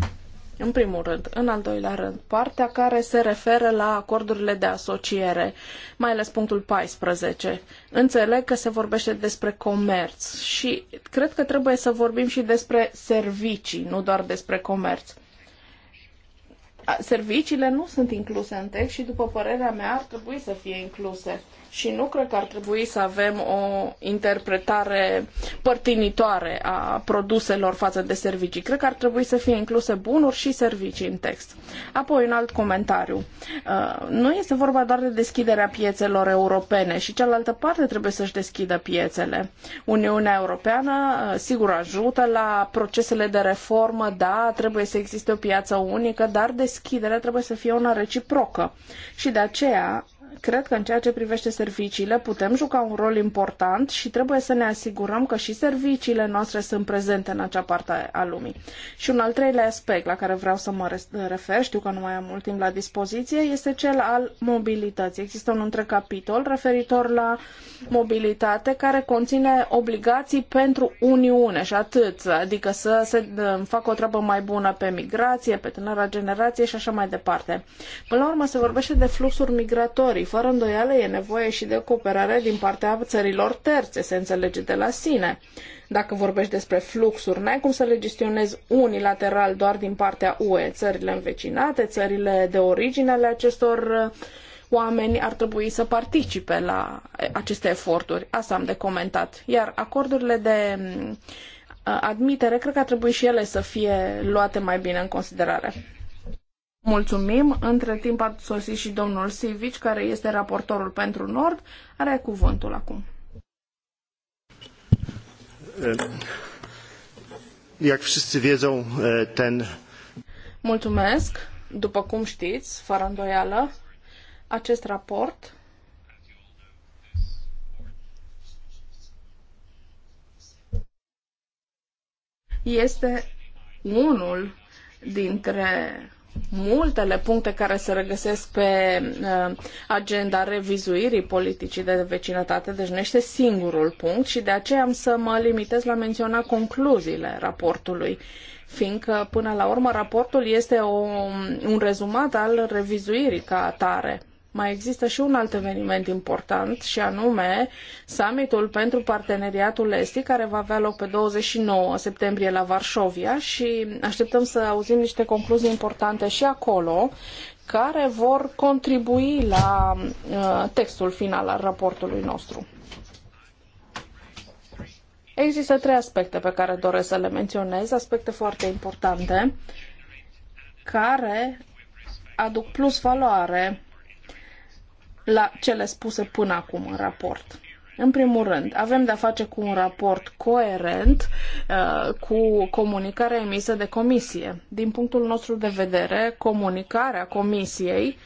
În primul rând. În al doilea rând, partea care se referă la acordurile de asociere, mai ales punctul 14. Înțeleg că se vorbește despre comerț și cred că trebuie să vorbim și despre servicii, nu doar despre comerț serviciile nu sunt incluse în text și, după părerea mea, ar trebui să fie incluse și nu cred că ar trebui să avem o interpretare părtinitoare a produselor față de servicii. Cred că ar trebui să fie incluse bunuri și servicii în text. Apoi un alt comentariu. Uh, nu este vorba doar de deschiderea piețelor europene și cealaltă parte trebuie să-și deschidă piețele. Uniunea Europeană uh, sigur ajută la procesele de reformă, da, trebuie să existe o piață unică, dar deschiderea trebuie să fie una reciprocă. Și de aceea Cred că în ceea ce privește serviciile putem juca un rol important și trebuie să ne asigurăm că și serviciile noastre sunt prezente în acea parte a lumii. Și un al treilea aspect la care vreau să mă refer, știu că nu mai am mult timp la dispoziție, este cel al mobilității. Există un întreg capitol referitor la mobilitate care conține obligații pentru Uniune și atât, adică să se facă o treabă mai bună pe migrație, pe tânăra generație și așa mai departe. Până la urmă se vorbește de fluxuri migratorii, fără îndoială e nevoie și de cooperare din partea țărilor terțe, se înțelege de la sine. Dacă vorbești despre fluxuri, n-ai cum să le gestionezi unilateral doar din partea UE. Țările învecinate, țările de origine ale acestor uh, oameni ar trebui să participe la uh, aceste eforturi. Asta am de comentat. Iar acordurile de mm, uh, admitere, cred că ar trebui și ele să fie luate mai bine în considerare. Mulțumim. Între timp a sosit și domnul Sivici, care este raportorul pentru Nord. Are cuvântul acum. Eh, jak wszyscy wiedzą, eh, ten... Mulțumesc. După cum știți, fără îndoială, acest raport este unul dintre multele puncte care se regăsesc pe uh, agenda revizuirii politicii de vecinătate, deci nu este singurul punct și de aceea am să mă limitez la menționa concluziile raportului fiindcă până la urmă raportul este o, un rezumat al revizuirii ca atare mai există și un alt eveniment important și anume summitul pentru parteneriatul estic care va avea loc pe 29 septembrie la Varșovia și așteptăm să auzim niște concluzii importante și acolo care vor contribui la uh, textul final al raportului nostru. Există trei aspecte pe care doresc să le menționez, aspecte foarte importante care aduc plus valoare la cele spuse până acum în raport. În primul rând, avem de-a face cu un raport coerent uh, cu comunicarea emisă de comisie. Din punctul nostru de vedere, comunicarea comisiei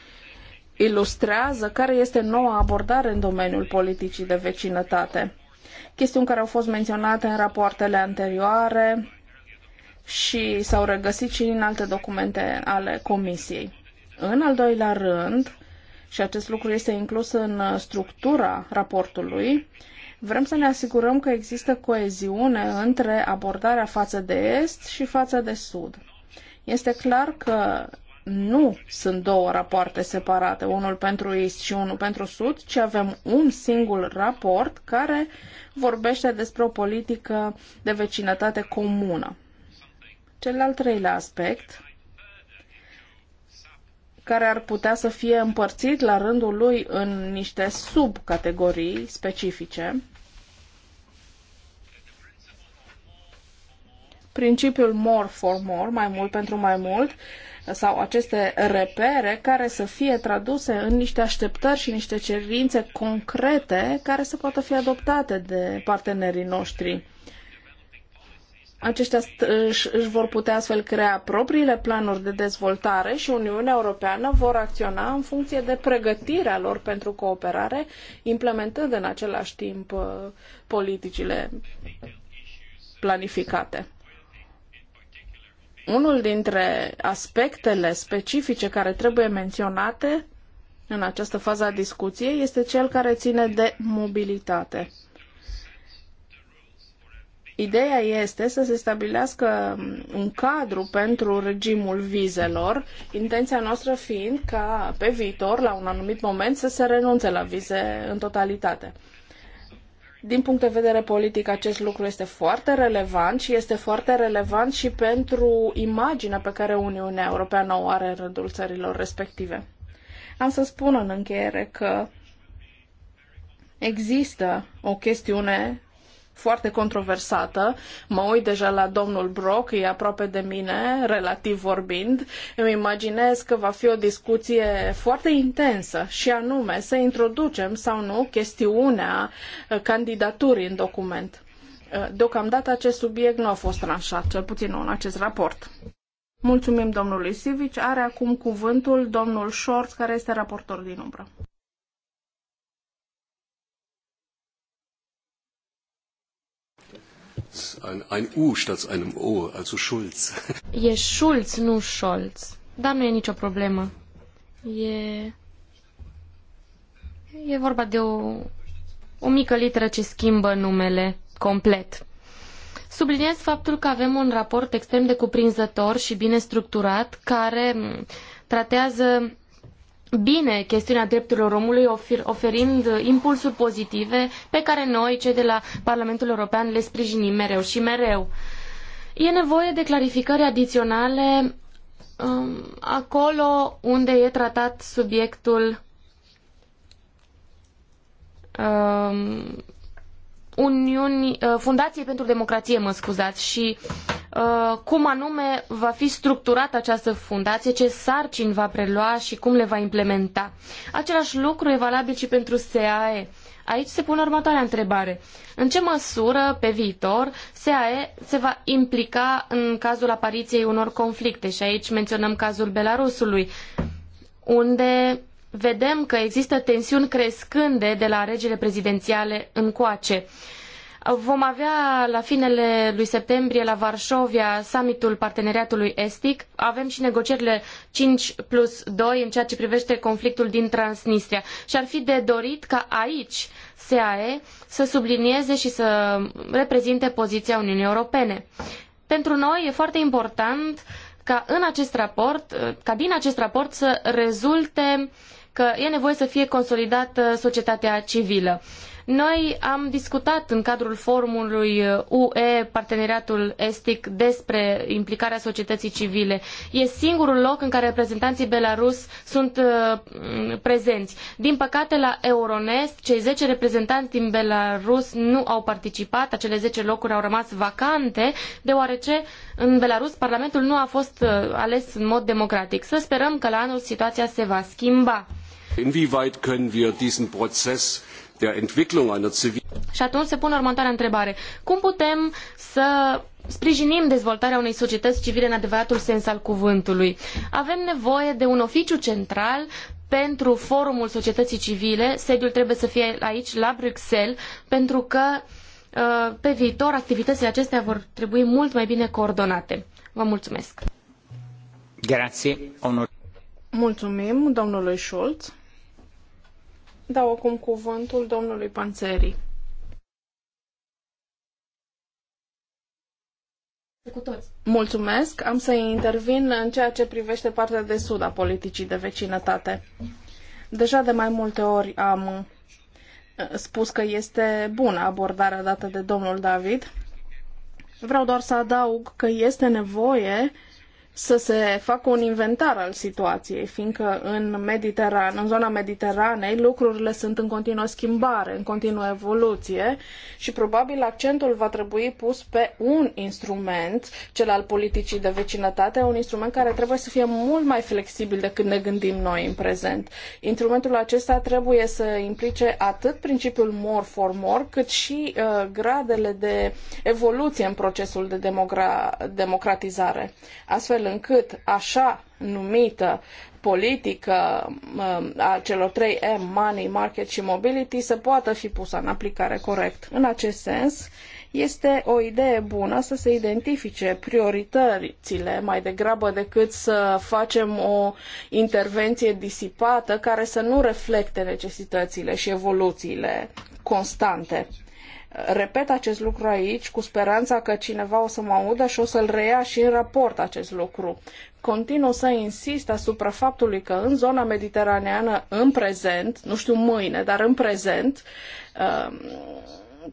ilustrează care este noua abordare în domeniul politicii de vecinătate. Chestiuni care au fost menționate în rapoartele anterioare și s-au regăsit și în alte documente ale comisiei. În al doilea rând, și acest lucru este inclus în uh, structura raportului, vrem să ne asigurăm că există coeziune între abordarea față de est și față de sud. Este clar că nu sunt două rapoarte separate, unul pentru est și unul pentru Sud, ci avem un singur raport care vorbește despre o politică de vecinătate comună. Cel al treilea aspect care ar putea să fie împărțit la rândul lui în niște subcategorii specifice. Principiul more for more, mai mult pentru mai mult, sau aceste repere care să fie traduse în niște așteptări și niște cerințe concrete care să poată fi adoptate de partenerii noștri aceștia își vor putea astfel crea propriile planuri de dezvoltare și Uniunea Europeană vor acționa în funcție de pregătirea lor pentru cooperare, implementând în același timp uh, politicile planificate. Unul dintre aspectele specifice care trebuie menționate în această fază a discuției este cel care ține de mobilitate. Ideea este să se stabilească un cadru pentru regimul vizelor, intenția noastră fiind ca pe viitor, la un anumit moment, să se renunțe la vize în totalitate. Din punct de vedere politic, acest lucru este foarte relevant și este foarte relevant și pentru imaginea pe care Uniunea Europeană o are în rândul țărilor respective. Am să spun în încheiere că există o chestiune foarte controversată. Mă uit deja la domnul Brock, e aproape de mine, relativ vorbind. Îmi imaginez că va fi o discuție foarte intensă și anume să introducem sau nu chestiunea uh, candidaturii în document. Uh, deocamdată acest subiect nu a fost tranșat, cel puțin nu în acest raport. Mulțumim domnului Sivici. Are acum cuvântul domnul Short, care este raportor din umbră. ein, ein U statt einem O, also Schulz. E Schulz, nu Scholz. Dar nu e nicio problemă. E... E vorba de o, o mică literă ce schimbă numele complet. Subliniez faptul că avem un raport extrem de cuprinzător și bine structurat care tratează bine chestiunea drepturilor omului, oferind impulsuri pozitive pe care noi, cei de la Parlamentul European, le sprijinim mereu și mereu. E nevoie de clarificări adiționale um, acolo unde e tratat subiectul um, Uniunii, uh, Fundației pentru Democrație, mă scuzați, și Uh, cum anume va fi structurată această fundație, ce sarcini va prelua și cum le va implementa. Același lucru e valabil și pentru SAE. Aici se pune următoarea întrebare. În ce măsură, pe viitor, SAE se va implica în cazul apariției unor conflicte? Și aici menționăm cazul Belarusului, unde vedem că există tensiuni crescânde de la regele prezidențiale încoace. Uh, Vom avea la finele lui septembrie la Varșovia summitul parteneriatului estic. Avem și negocierile 5 plus 2 în ceea ce privește conflictul din Transnistria. Și ar fi de dorit ca aici SAE să sublinieze și să reprezinte poziția Uniunii Europene. Pentru noi e foarte important ca în acest raport, ca din acest raport să rezulte că e nevoie să fie consolidată societatea civilă. Noi am discutat în cadrul forumului UE, uh, parteneriatul estic, despre implicarea societății civile. E singurul loc în care reprezentanții Belarus sunt uh, prezenți. Din păcate, la Euronest, cei zece reprezentanți din Belarus nu au participat, acele zece locuri au rămas vacante, deoarece în Belarus Parlamentul nu a fost uh, ales în mod democratic. Să sperăm că la anul situația se va schimba. Inwieweit können wir diesen Prozess și atunci se pune următoarea întrebare. Cum putem să sprijinim dezvoltarea unei societăți civile în adevăratul sens al cuvântului? Avem nevoie de un oficiu central pentru forumul societății civile. Sediul trebuie să fie aici, la Bruxelles, pentru că uh, pe viitor activitățile acestea vor trebui mult mai bine coordonate. Vă mulțumesc! Grazie, Mulțumim domnului Schulz. Dau acum cuvântul domnului Panțeri. Cu toți. Mulțumesc. Am să intervin în ceea ce privește partea de sud a politicii de vecinătate. Deja de mai multe ori am uh, spus că este bună abordarea dată de domnul David. Vreau doar să adaug că este nevoie uh, să se facă un inventar al situației, fiindcă în Mediteran, în zona Mediteranei, lucrurile sunt în continuă schimbare, în continuă evoluție și probabil accentul va trebui pus pe un instrument, cel al politicii de vecinătate, un instrument care trebuie să fie mult mai flexibil decât ne gândim noi în prezent. Instrumentul acesta trebuie să implice atât principiul more for more, cât și uh, gradele de evoluție în procesul de democratizare. Astfel încât așa numită politică um, a celor trei M, Money, Market și Mobility, să poată fi pusă în aplicare corect. În acest sens, este o idee bună să se identifice prioritățile mai degrabă decât să facem o intervenție disipată care să nu reflecte necesitățile și evoluțiile constante. Repet acest lucru aici cu speranța că cineva o să mă audă și o să-l reia și în raport acest lucru. Continu să insist asupra faptului că în zona mediteraneană, în prezent, nu știu mâine, dar în prezent, uh,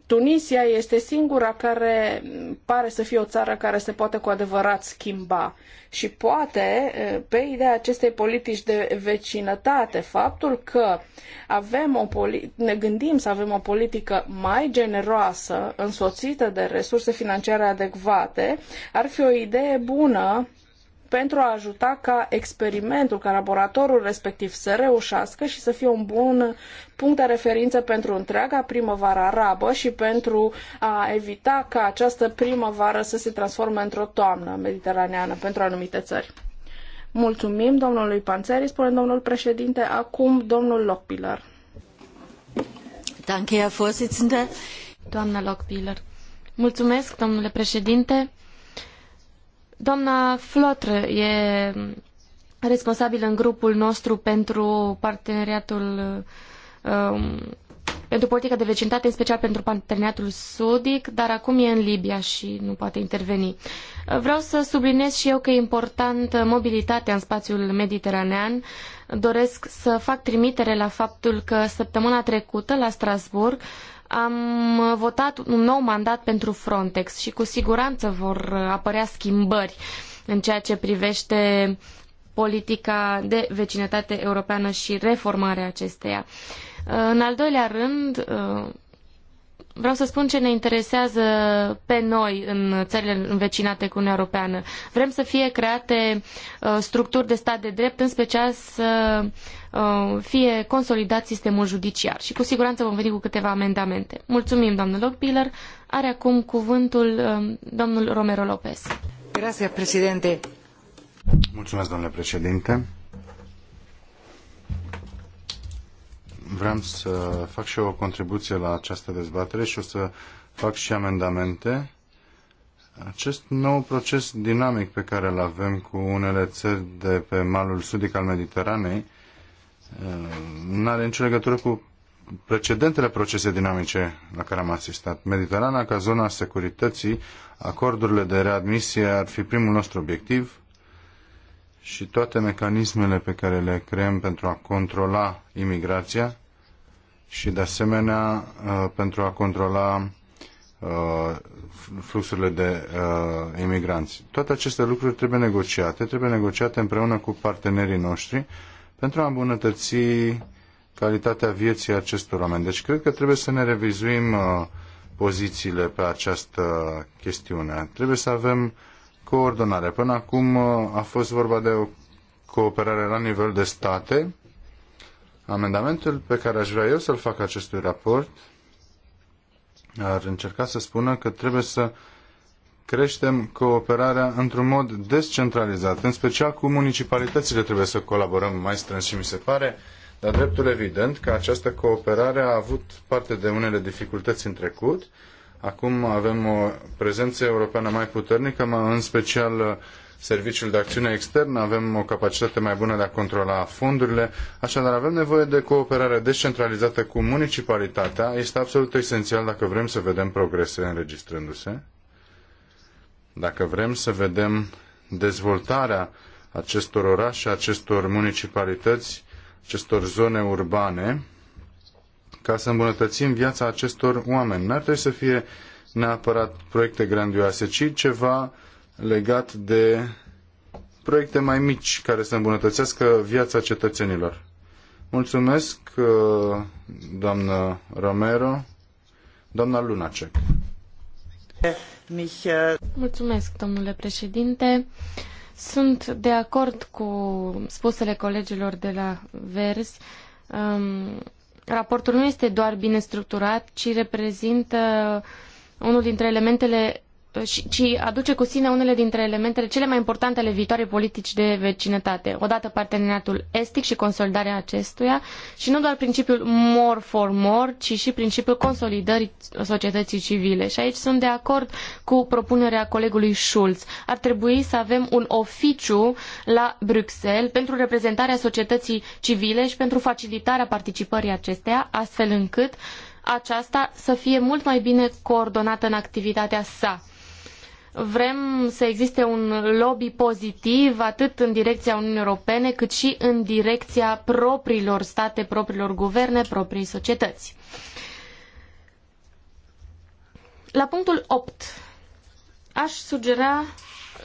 Tunisia este singura care pare să fie o țară care se poate cu adevărat schimba. Și poate, pe ideea acestei politici de vecinătate, faptul că avem o ne gândim să avem o politică mai generoasă, însoțită de resurse financiare adecvate, ar fi o idee bună pentru a ajuta ca experimentul, ca laboratorul respectiv să reușească și să fie un bun punct de referință pentru întreaga primăvară arabă și pentru a evita ca această primăvară să se transforme într-o toamnă mediteraneană pentru anumite țări. Mulțumim domnului Panțeri, spune domnul președinte, acum domnul Lockpiller. Doamna Lockpiller. Mulțumesc, domnule președinte. Doamna Flotr e responsabilă în grupul nostru pentru parteneriatul um, pentru politica de vecinătate, în special pentru parteneriatul sudic, dar acum e în Libia și nu poate interveni. Vreau să subliniez și eu că e importantă mobilitatea în spațiul mediteranean. Doresc să fac trimitere la faptul că săptămâna trecută la Strasbourg am votat un nou mandat pentru Frontex și cu siguranță vor apărea schimbări în ceea ce privește politica de vecinătate europeană și reformarea acesteia. În al doilea rând, vreau să spun ce ne interesează pe noi în țările învecinate cu Uniunea Europeană. Vrem să fie create uh, structuri de stat de drept, în special să uh, fie consolidat sistemul judiciar. Și cu siguranță vom veni cu câteva amendamente. Mulțumim, doamnă Lockpiller. Are acum cuvântul um, domnul Romero Lopez. Grazie, președinte. Mulțumesc, domnule președinte. vreau să fac și eu o contribuție la această dezbatere și o să fac și amendamente. Acest nou proces dinamic pe care îl avem cu unele țări de pe malul sudic al Mediteranei uh, nu are nicio legătură cu precedentele procese dinamice la care am asistat. Mediterana, ca zona securității, acordurile de readmisie ar fi primul nostru obiectiv și toate mecanismele pe care le creăm pentru a controla imigrația și de asemenea uh, pentru a controla uh, fluxurile de uh, imigranți. Toate aceste lucruri trebuie negociate, trebuie negociate împreună cu partenerii noștri pentru a îmbunătăți calitatea vieții acestor oameni. Deci cred că trebuie să ne revizuim uh, pozițiile pe această chestiune. Trebuie să avem coordonare. Până acum a fost vorba de o cooperare la nivel de state, Amendamentul pe care aș vrea eu să-l fac acestui raport ar încerca să spună că trebuie să creștem cooperarea într-un mod descentralizat, în special cu municipalitățile trebuie să colaborăm mai strâns și mi se pare, dar dreptul evident că această cooperare a avut parte de unele dificultăți în trecut. Acum avem o prezență europeană mai puternică, în special Serviciul de Acțiune Externă, avem o capacitate mai bună de a controla fondurile, așadar avem nevoie de cooperare descentralizată cu municipalitatea. Este absolut esențial dacă vrem să vedem progrese înregistrându-se, dacă vrem să vedem dezvoltarea acestor orașe, acestor municipalități, acestor zone urbane, ca să îmbunătățim viața acestor oameni. N-ar trebui să fie neapărat proiecte grandioase, ci ceva legat de proiecte mai mici care să îmbunătățească viața cetățenilor. Mulțumesc, uh, doamnă Romero, doamna Lunacek. Mulțumesc, domnule președinte. Sunt de acord cu spusele colegilor de la Verzi. Um, raportul nu este doar bine structurat, ci reprezintă unul dintre elementele ci aduce cu sine unele dintre elementele cele mai importante ale viitoarei politici de vecinătate. Odată parteneriatul estic și consolidarea acestuia și nu doar principiul more for more, ci și principiul consolidării societății civile. Și aici sunt de acord cu propunerea colegului Schulz. Ar trebui să avem un oficiu la Bruxelles pentru reprezentarea societății civile și pentru facilitarea participării acesteia, astfel încât aceasta să fie mult mai bine coordonată în activitatea sa Vrem să existe un lobby pozitiv atât în direcția Uniunii Europene cât și în direcția propriilor state, propriilor guverne, proprii societăți. La punctul opt aș sugera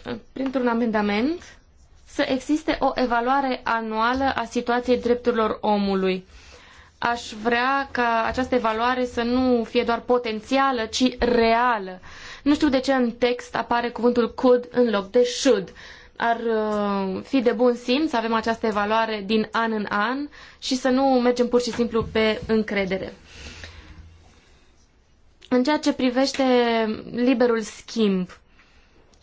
eh, printr-un amendament să existe o evaluare anuală a situației drepturilor omului. Aș vrea ca această evaluare să nu fie doar potențială, ci reală. Uh, nu știu de ce în text apare cuvântul could în loc de should. Ar uh, fi de bun simț să avem această evaluare din an în an și să nu mergem pur și simplu pe încredere. În ceea ce privește liberul schimb,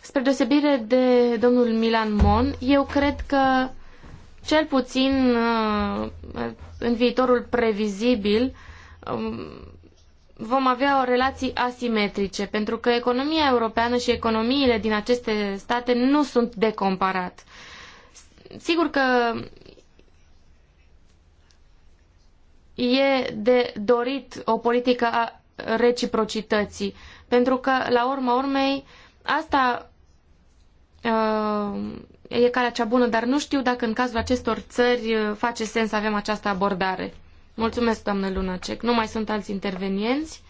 spre deosebire de domnul Milan Mon, eu cred că cel puțin uh, în viitorul previzibil um, vom avea o relații asimetrice, pentru că economia europeană și economiile din aceste state nu sunt de comparat. Sigur că e de dorit o politică a reciprocității, pentru că, la urma urmei, asta uh, e calea cea bună, dar nu știu dacă în cazul acestor țări uh, face sens să avem această abordare. Mulțumesc, doamnă Lunacek. Nu mai sunt alți intervenienți.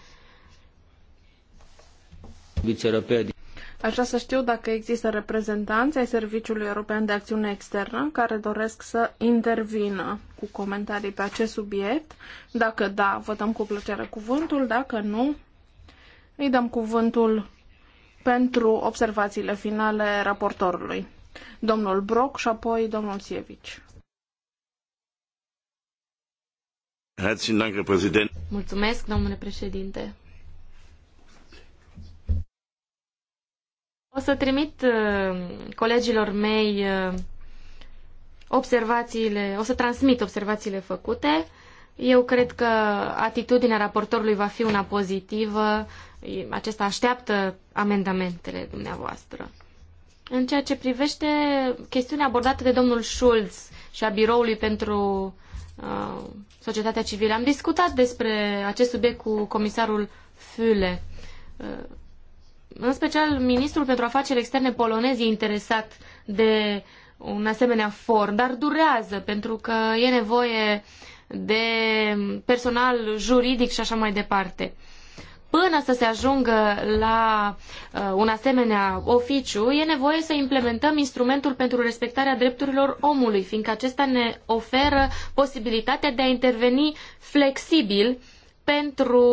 Aș vrea să știu dacă există reprezentanți ai Serviciului European de Acțiune Externă care doresc să intervină cu comentarii pe acest subiect. Dacă da, vă dăm cu plăcere cuvântul. Dacă nu, îi dăm cuvântul pentru observațiile finale raportorului. Domnul Brock și apoi domnul Sievici. Mulțumesc, domnule președinte. O să trimit uh, colegilor mei uh, observațiile, o să transmit observațiile făcute. Eu cred că atitudinea raportorului va fi una pozitivă. Acesta așteaptă amendamentele dumneavoastră. În ceea ce privește chestiunea abordată de domnul Schulz și a biroului pentru Uh, societatea civilă. Am discutat despre acest subiect cu comisarul Füle. Uh, în special, ministrul pentru afaceri externe polonez e interesat de un asemenea for, dar durează pentru că e nevoie de personal juridic și așa mai departe până să se ajungă la uh, un asemenea oficiu, e nevoie să implementăm instrumentul pentru respectarea drepturilor omului, fiindcă acesta ne oferă posibilitatea de a interveni flexibil pentru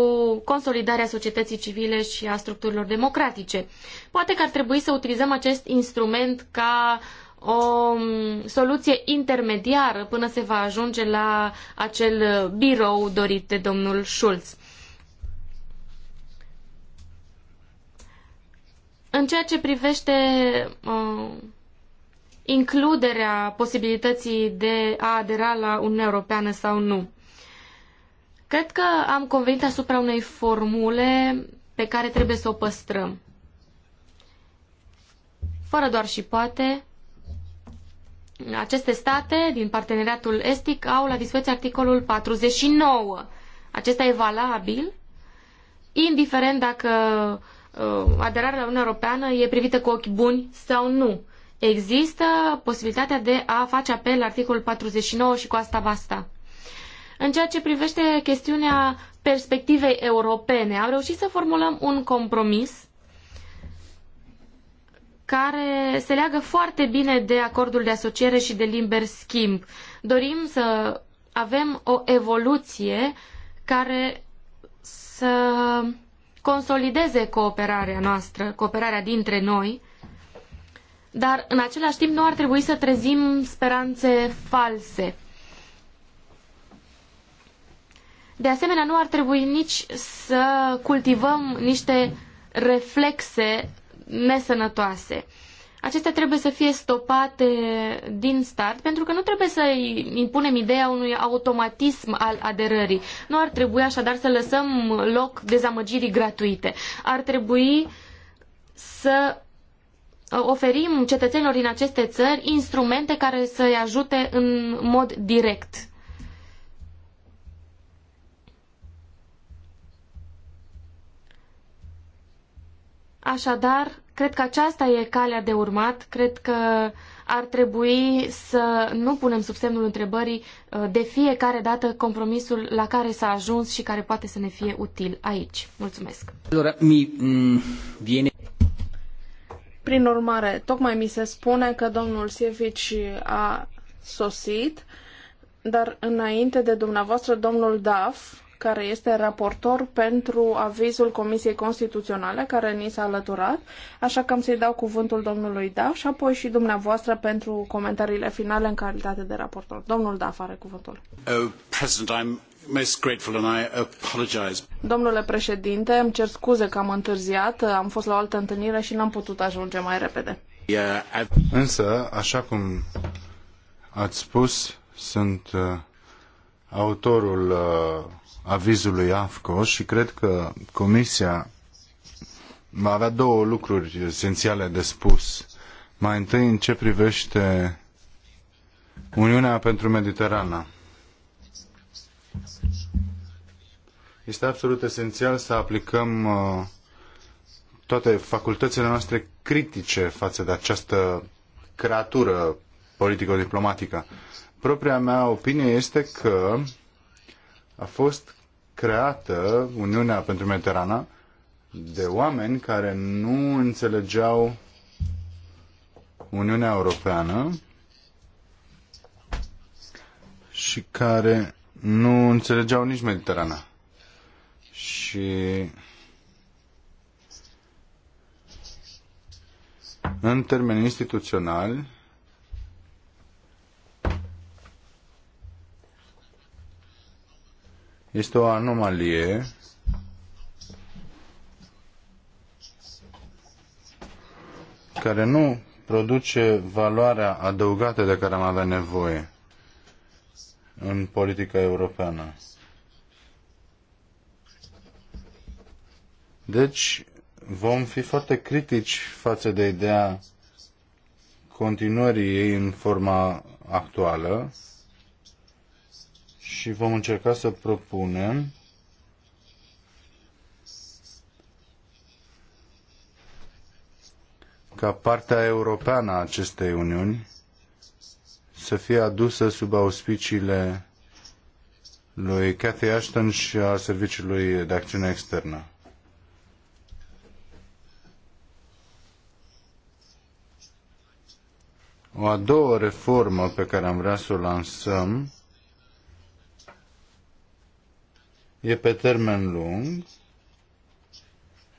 consolidarea societății civile și a structurilor democratice. Poate că ar trebui să utilizăm acest instrument ca o um, soluție intermediară până se va ajunge la acel birou dorit de domnul Schulz. În ceea ce privește uh, includerea posibilității de a adera la Uniunea Europeană sau nu, cred că am convenit asupra unei formule pe care trebuie să o păstrăm. Fără doar și poate, aceste state din parteneriatul estic au la dispoziție articolul 49. Acesta e valabil indiferent dacă Uh, aderarea la Uniunea Europeană e privită cu ochi buni sau nu. Există posibilitatea de a face apel la articolul 49 și cu asta basta. În ceea ce privește chestiunea perspectivei europene, am reușit să formulăm un compromis care se leagă foarte bine de acordul de asociere și de liber schimb. Dorim să avem o evoluție care să consolideze cooperarea noastră, cooperarea dintre noi, dar în același timp nu ar trebui să trezim speranțe false. De asemenea, nu ar trebui nici să cultivăm niște reflexe nesănătoase. Uh, acestea trebuie să fie stopate din start, pentru că nu trebuie să impunem ideea unui automatism al aderării. Nu ar trebui așadar să lăsăm loc dezamăgirii gratuite. Ar trebui să oferim cetățenilor din aceste țări instrumente care să-i ajute în mod direct. Așadar, Cred că aceasta e calea de urmat. Cred că ar trebui să nu punem sub semnul întrebării uh, de fiecare dată compromisul la care s-a ajuns și care poate să ne fie util aici. Mulțumesc. Mm, Prin urmare, tocmai mi se spune că domnul Sievici a sosit, dar înainte de dumneavoastră, domnul Daf care este raportor pentru avizul Comisiei Constituționale, care ni s-a alăturat, așa că am să-i dau cuvântul domnului Da și apoi și dumneavoastră pentru comentariile finale în calitate de raportor. Domnul Da are cuvântul. Oh, most grateful and I apologize. Domnule președinte, îmi cer scuze că am întârziat, am fost la o altă întâlnire și n-am putut ajunge mai repede. Yeah, Însă, așa cum ați spus, sunt uh, autorul uh, avizului AFCO și cred că Comisia va avea două lucruri esențiale de spus. Mai întâi în ce privește Uniunea pentru Mediterana. Este absolut esențial să aplicăm uh, toate facultățile noastre critice față de această creatură politico-diplomatică. Propria mea opinie este că a fost creată Uniunea pentru Mediterana de oameni care nu înțelegeau Uniunea Europeană și care nu înțelegeau nici Mediterana. Și în termeni instituționali, Este o anomalie care nu produce valoarea adăugată de care am avea nevoie în politica europeană. Deci, vom fi foarte critici față de ideea continuării ei în forma actuală și vom încerca să propunem ca partea europeană a acestei uniuni să fie adusă sub auspiciile lui Cathy Ashton și a Serviciului de Acțiune Externă. O a doua reformă pe care am vrea să o lansăm e pe termen lung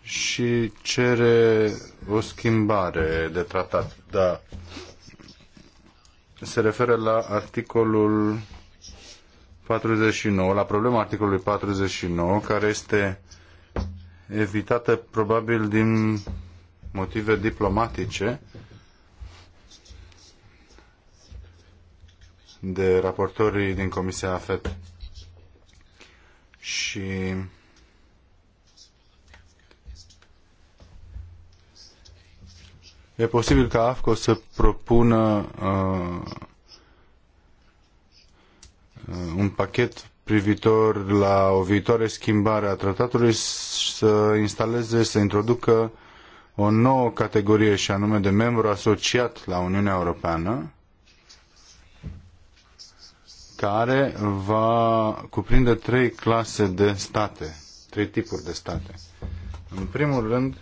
și cere o schimbare de tratat. Da. Se referă la articolul 49, la problema articolului 49, care este evitată probabil din motive diplomatice de raportorii din Comisia AFET și e posibil ca AFCO să propună uh, uh, un pachet privitor la o viitoare schimbare a tratatului să instaleze, să introducă o nouă categorie și anume de membru asociat la Uniunea Europeană care va cuprinde trei clase de state, trei tipuri de state. În primul rând,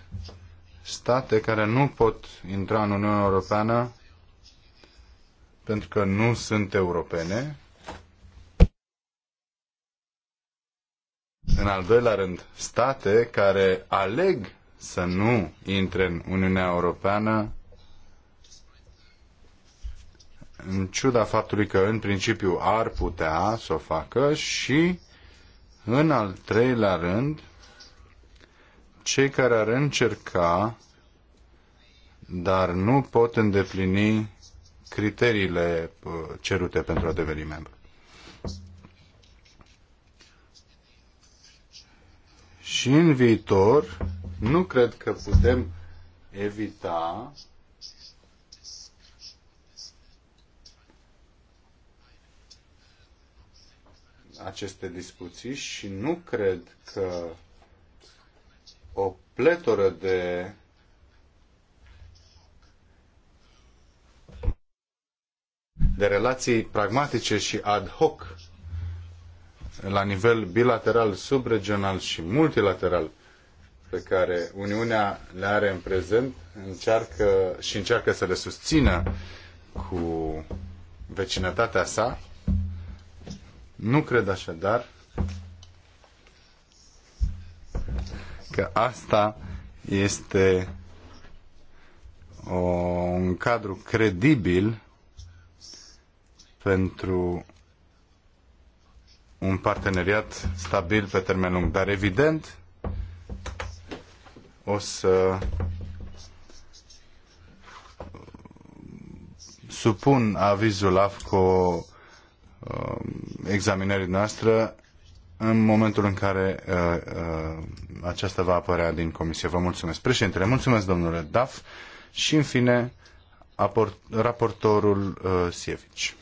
state care nu pot intra în Uniunea Europeană pentru că nu sunt europene. În al doilea rând, state care aleg să nu intre în Uniunea Europeană în ciuda faptului că în principiu ar putea să o facă și în al treilea rând cei care ar încerca dar nu pot îndeplini criteriile uh, cerute pentru a deveni membru. Și în viitor nu cred că putem evita aceste discuții și nu cred că o pletoră de de relații pragmatice și ad hoc la nivel bilateral, subregional și multilateral pe care Uniunea le are în prezent încearcă și încearcă să le susțină cu vecinătatea sa, nu cred așadar că asta este o, un cadru credibil pentru un parteneriat stabil pe termen lung. Dar evident o să supun avizul AFCO Uh, examinării noastre în momentul în care uh, uh, aceasta va apărea din comisie. Vă mulțumesc, președintele. Mulțumesc, domnule Daf. Și, în fine, raportorul uh, Sievici.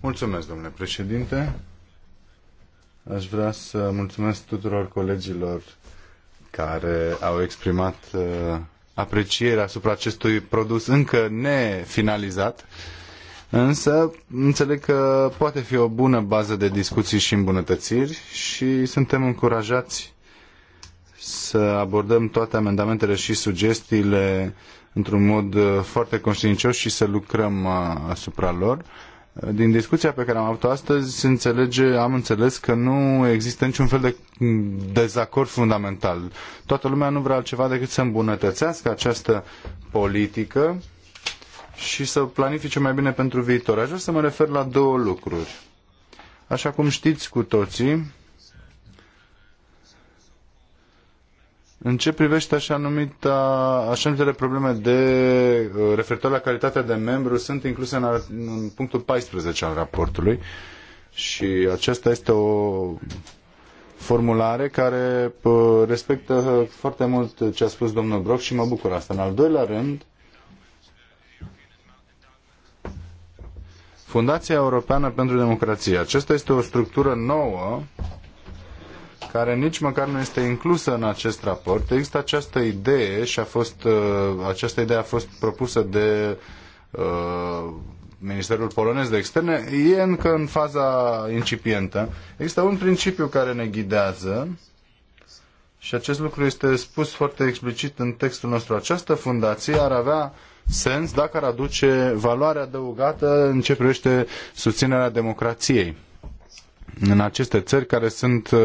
Mulțumesc, domnule președinte. Aș vrea să mulțumesc tuturor colegilor care au exprimat uh, aprecierea asupra acestui produs încă nefinalizat. Uh, Însă, înțeleg că poate fi o bună bază de discuții și îmbunătățiri și suntem încurajați să abordăm toate amendamentele și sugestiile într-un mod uh, foarte conștiincios și să lucrăm uh, asupra lor. Uh, din discuția pe care am avut-o astăzi, înțelege, am înțeles că nu există niciun fel de dezacord fundamental. Toată lumea nu vrea altceva decât să îmbunătățească această politică și să planifice mai bine pentru viitor. Aș vrea să mă refer la două lucruri. Așa cum știți cu toții, În ce privește așa numită, așa numitele probleme de uh, referitor la calitatea de membru sunt incluse în, în punctul 14 al raportului și aceasta este o formulare care uh, respectă foarte mult ce a spus domnul Brock și mă bucur asta. În al doilea rând, Fundația Europeană pentru Democrație. Aceasta este o structură nouă care nici măcar nu este inclusă în acest raport. Există această idee și a fost, uh, această idee a fost propusă de uh, Ministerul Polonez de Externe. E încă în faza incipientă. Există un principiu care ne ghidează și acest lucru este spus foarte explicit în textul nostru. Această fundație ar avea sens dacă ar aduce valoare adăugată în ce privește susținerea democrației în aceste țări care sunt uh,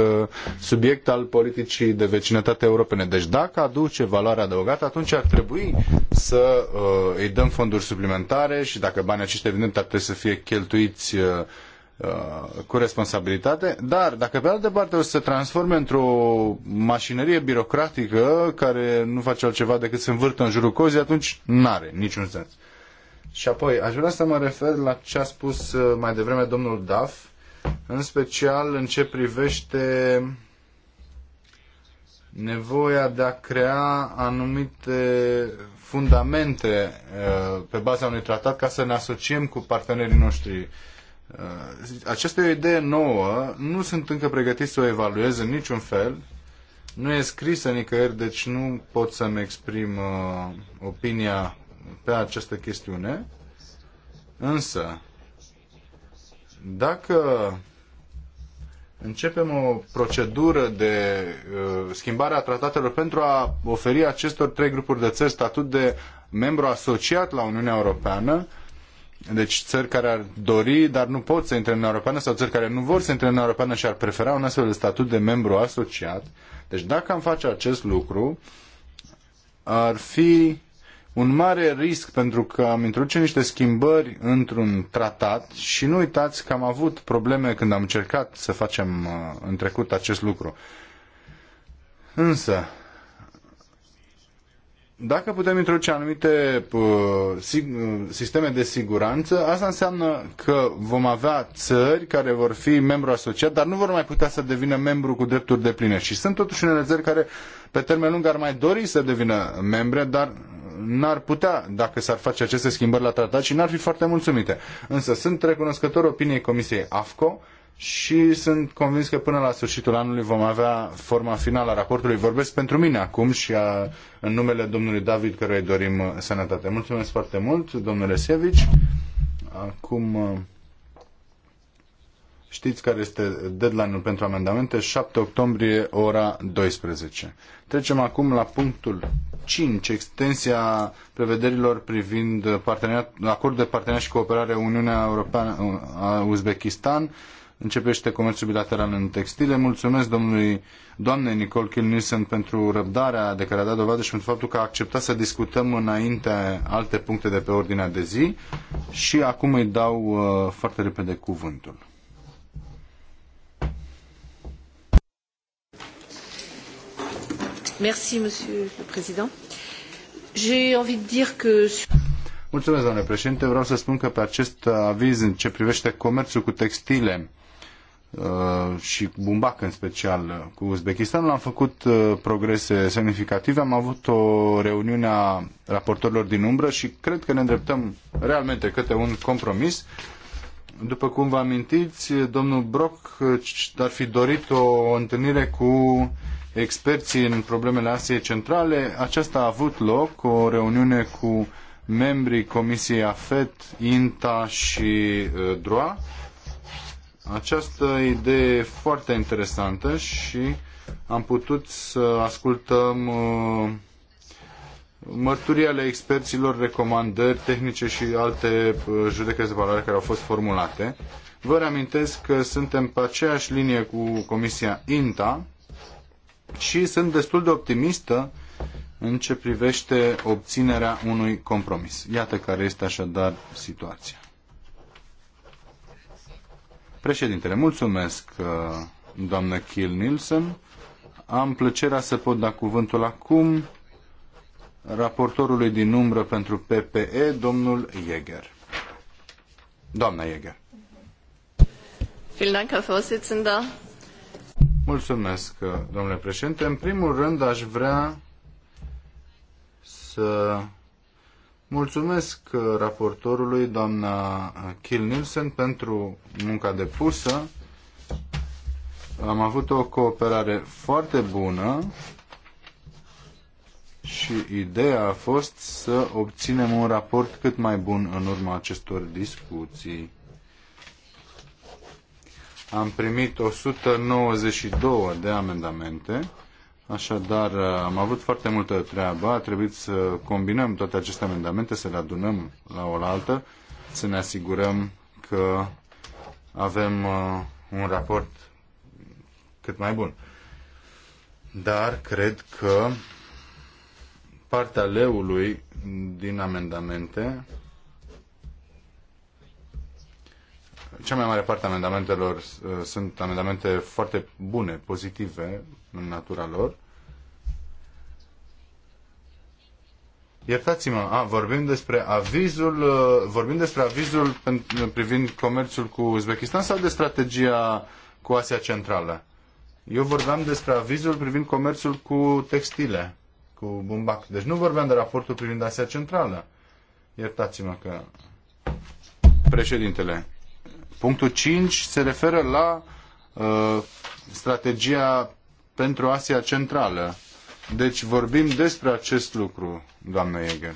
subiect al politicii de vecinătate europene. Deci dacă aduce valoare adăugată, atunci ar trebui să uh, îi dăm fonduri suplimentare și dacă banii aceștia evident ar trebui să fie cheltuiți uh, Uh, cu responsabilitate, dar dacă pe altă parte o să se transforme într-o mașinărie birocratică care nu face altceva decât să învârtă în jurul cozii, atunci n-are niciun sens. Și apoi, aș vrea să mă refer la ce a spus uh, mai devreme domnul Daf, în special în ce privește nevoia de a crea anumite fundamente uh, pe baza unui tratat ca să ne asociem cu partenerii noștri Uh, această idee nouă, nu sunt încă pregătit să o evaluez în niciun fel, nu e scrisă nicăieri, deci nu pot să-mi exprim uh, opinia pe această chestiune. Însă, dacă începem o procedură de uh, schimbare a tratatelor pentru a oferi acestor trei grupuri de țări statut de membru asociat la Uniunea Europeană, uh, deci țări care ar dori, dar nu pot să intre în Uniunea Europeană sau țări care nu vor să intre în Uniunea Europeană și ar prefera un astfel de statut de membru asociat. Deci dacă am face acest lucru, ar fi un mare risc pentru că am introduce niște schimbări într-un tratat și nu uitați că am avut probleme când am încercat să facem uh, în trecut acest lucru. Însă, dacă putem introduce anumite sisteme de siguranță, asta înseamnă că vom avea țări care vor fi membru asociat, dar nu vor mai putea să devină membru cu drepturi de pline. Și sunt totuși unele țări care pe termen lung ar mai dori să devină membre, dar n-ar putea dacă s-ar face aceste schimbări la tratat și n-ar fi foarte mulțumite. Însă sunt recunoscător opiniei Comisiei AFCO, și sunt convins că până la sfârșitul anului vom avea forma finală a raportului. Vorbesc pentru mine acum și a, în numele domnului David, căruia îi dorim uh, sănătate. Mulțumesc foarte mult, domnule Sevici. Acum uh, știți care este deadline-ul pentru amendamente, 7 octombrie, ora 12. Trecem acum la punctul 5, extensia prevederilor privind acordul acord de parteneriat și cooperare Uniunea Europeană uh, a Uzbekistan începește comerțul bilateral în textile. Mulțumesc domnului, doamnei Nicole Kill Nielsen pentru răbdarea de care a dat dovadă și pentru faptul că a acceptat să discutăm înainte alte puncte de pe ordinea de zi și acum îi dau uh, foarte repede cuvântul. Merci, Monsieur le Président. J'ai envie de dire que... Mulțumesc, domnule președinte. Vreau să spun că pe acest aviz în ce privește comerțul cu textile Uh, și Bumbac în special cu Uzbekistanul am făcut uh, progrese semnificative. Am avut o reuniune a raportorilor din umbră și cred că ne îndreptăm realmente către un compromis. După cum vă amintiți, domnul Brock uh, ar fi dorit o întâlnire cu experții în problemele Asiei Centrale. Aceasta a avut loc, o reuniune cu membrii Comisiei AFET, INTA și DROA această idee foarte interesantă și am putut să ascultăm uh, mărturii ale experților, recomandări tehnice și alte uh, judecăți de valoare care au fost formulate. Vă reamintesc că suntem pe aceeași linie cu Comisia INTA și sunt destul de optimistă în ce privește obținerea unui compromis. Iată care este așadar situația. Președintele, mulțumesc, uh, doamnă Kiel Nielsen. Am plăcerea să pot da cuvântul acum raportorului din umbră pentru PPE, domnul Jäger. Doamna Jäger. Mulțumesc, uh, domnule președinte. În primul rând, aș vrea să Mulțumesc uh, raportorului, doamna uh, Kill Nielsen, pentru munca depusă. Am avut o cooperare foarte bună și ideea a fost să obținem un raport cât mai bun în urma acestor discuții. Am primit 192 de amendamente Așadar, am avut foarte multă treabă, a trebuit să combinăm toate aceste amendamente, să le adunăm la o la altă, să ne asigurăm că avem uh, un raport cât mai bun. Dar cred că partea leului din amendamente cea mai mare parte a amendamentelor uh, sunt amendamente foarte bune, pozitive, în natura lor. Iertați-mă, a, vorbim despre avizul, uh, vorbim despre avizul privind comerțul cu Uzbekistan sau de strategia cu Asia Centrală? Eu vorbeam despre avizul privind comerțul cu textile, cu bumbac. Deci nu vorbeam de raportul privind Asia Centrală. Iertați-mă că... Președintele, punctul 5 se referă la uh, strategia pentru Asia Centrală. Deci vorbim despre acest lucru, doamnă Jäger.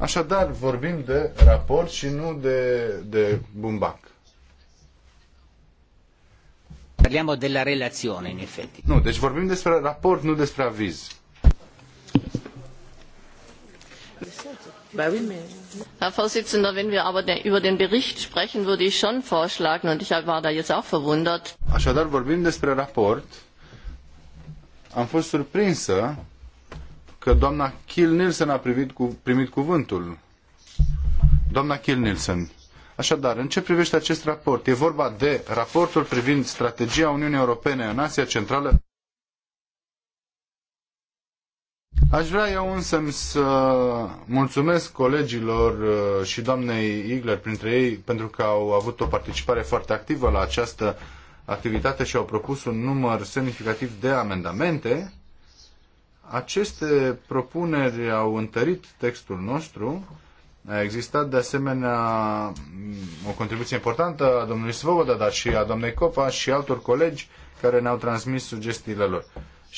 Așadar, vorbim de raport și nu de, de bumbac. Parliamo della relazione, in effetti. Nu, deci vorbim despre raport, nu despre aviz. Herr Präsident, wenn wir aber über den Bericht sprechen, würde ich schon vorschlagen, und ich war da jetzt auch verwundert. Așadar, vorbim despre raport. Am fost surprinsă că doamna Kill Nielsen a primit, cu, primit cuvântul. Doamna Kill Nielsen. Așadar, în ce privește acest raport? E vorba de raportul privind strategia Uniunii Europene în Asia Centrală Aș vrea eu însă să mulțumesc colegilor uh, și doamnei Igler printre ei pentru că au avut o participare foarte activă la această activitate și au propus un număr semnificativ de amendamente. Aceste propuneri au întărit textul nostru. A existat de asemenea mm, o contribuție importantă a domnului Svoboda, dar și a doamnei Copa și altor colegi care ne-au transmis sugestiile lor.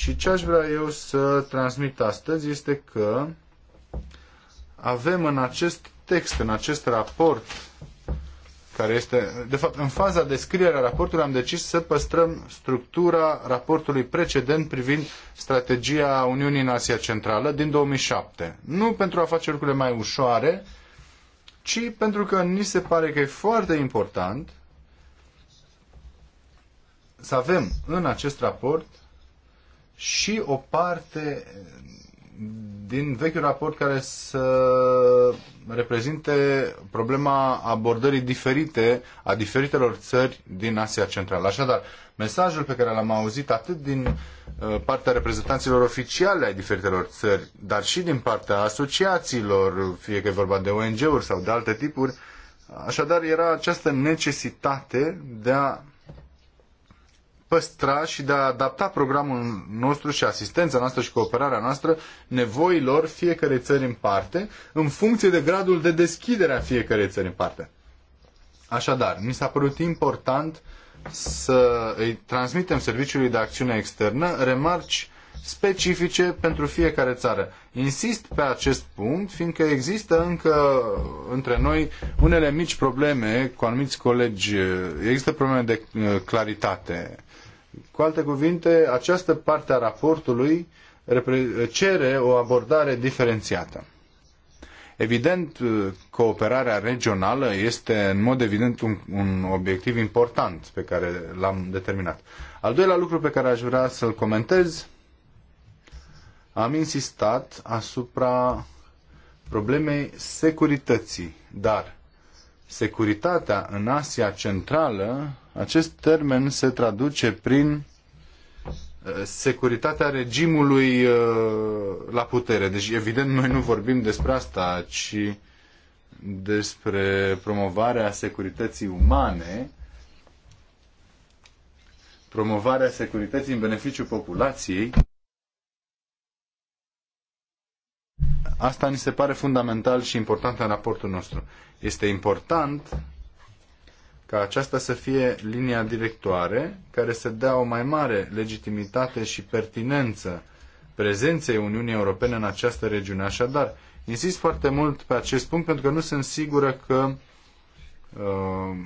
Și ce aș vrea eu să transmit astăzi este că avem în acest text, în acest raport, care este, de fapt, în faza de scriere a raportului am decis să păstrăm structura raportului precedent privind strategia Uniunii în Asia Centrală din 2007. Nu pentru a face lucrurile mai ușoare, ci pentru că ni se pare că e foarte important să avem în acest raport și o parte din vechiul raport care să reprezinte problema abordării diferite a diferitelor țări din Asia Centrală. Așadar, mesajul pe care l-am auzit atât din uh, partea reprezentanților oficiale ai diferitelor țări, dar și din partea asociațiilor, fie că e vorba de ONG-uri sau de alte tipuri, așadar era această necesitate de a păstra și de a adapta programul nostru și asistența noastră și cooperarea noastră nevoilor fiecare țări în parte, în funcție de gradul de deschidere a fiecarei țări în parte. Așadar, mi s-a părut important să îi transmitem Serviciului de Acțiune Externă remarci specifice pentru fiecare țară. Insist pe acest punct, fiindcă există încă între noi unele mici probleme cu anumiți colegi, există probleme de uh, claritate cu alte cuvinte, această parte a raportului cere o abordare diferențiată. Evident, cooperarea regională este în mod evident un, un obiectiv important pe care l-am determinat. Al doilea lucru pe care aș vrea să-l comentez, am insistat asupra problemei securității, dar securitatea în Asia Centrală acest termen se traduce prin uh, securitatea regimului uh, la putere. Deci, evident, noi nu vorbim despre asta, ci despre promovarea securității umane, promovarea securității în beneficiul populației. Asta ni se pare fundamental și important în raportul nostru. Este important ca aceasta să fie linia directoare care să dea o mai mare legitimitate și pertinență prezenței Uniunii Europene în această regiune. Așadar, insist foarte mult pe acest punct pentru că nu sunt sigură că uh,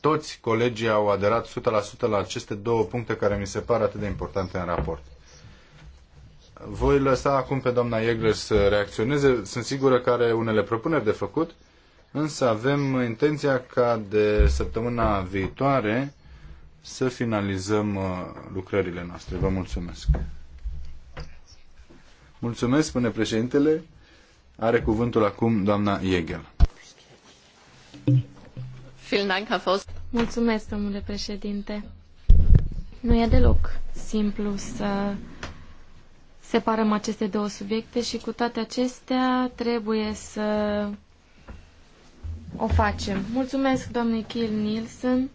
toți colegii au aderat 100% la aceste două puncte care mi se par atât de importante în raport. Voi lăsa acum pe doamna Iegler să reacționeze. Sunt sigură că are unele propuneri de făcut însă avem intenția ca de săptămâna viitoare să finalizăm uh, lucrările noastre. Vă mulțumesc! Mulțumesc, spune președintele. Are cuvântul acum doamna Iegel. Mulțumesc, domnule președinte. Nu e deloc simplu să separăm aceste două subiecte și cu toate acestea trebuie să o facem. Mulțumesc, doamnei Kiel Nielsen.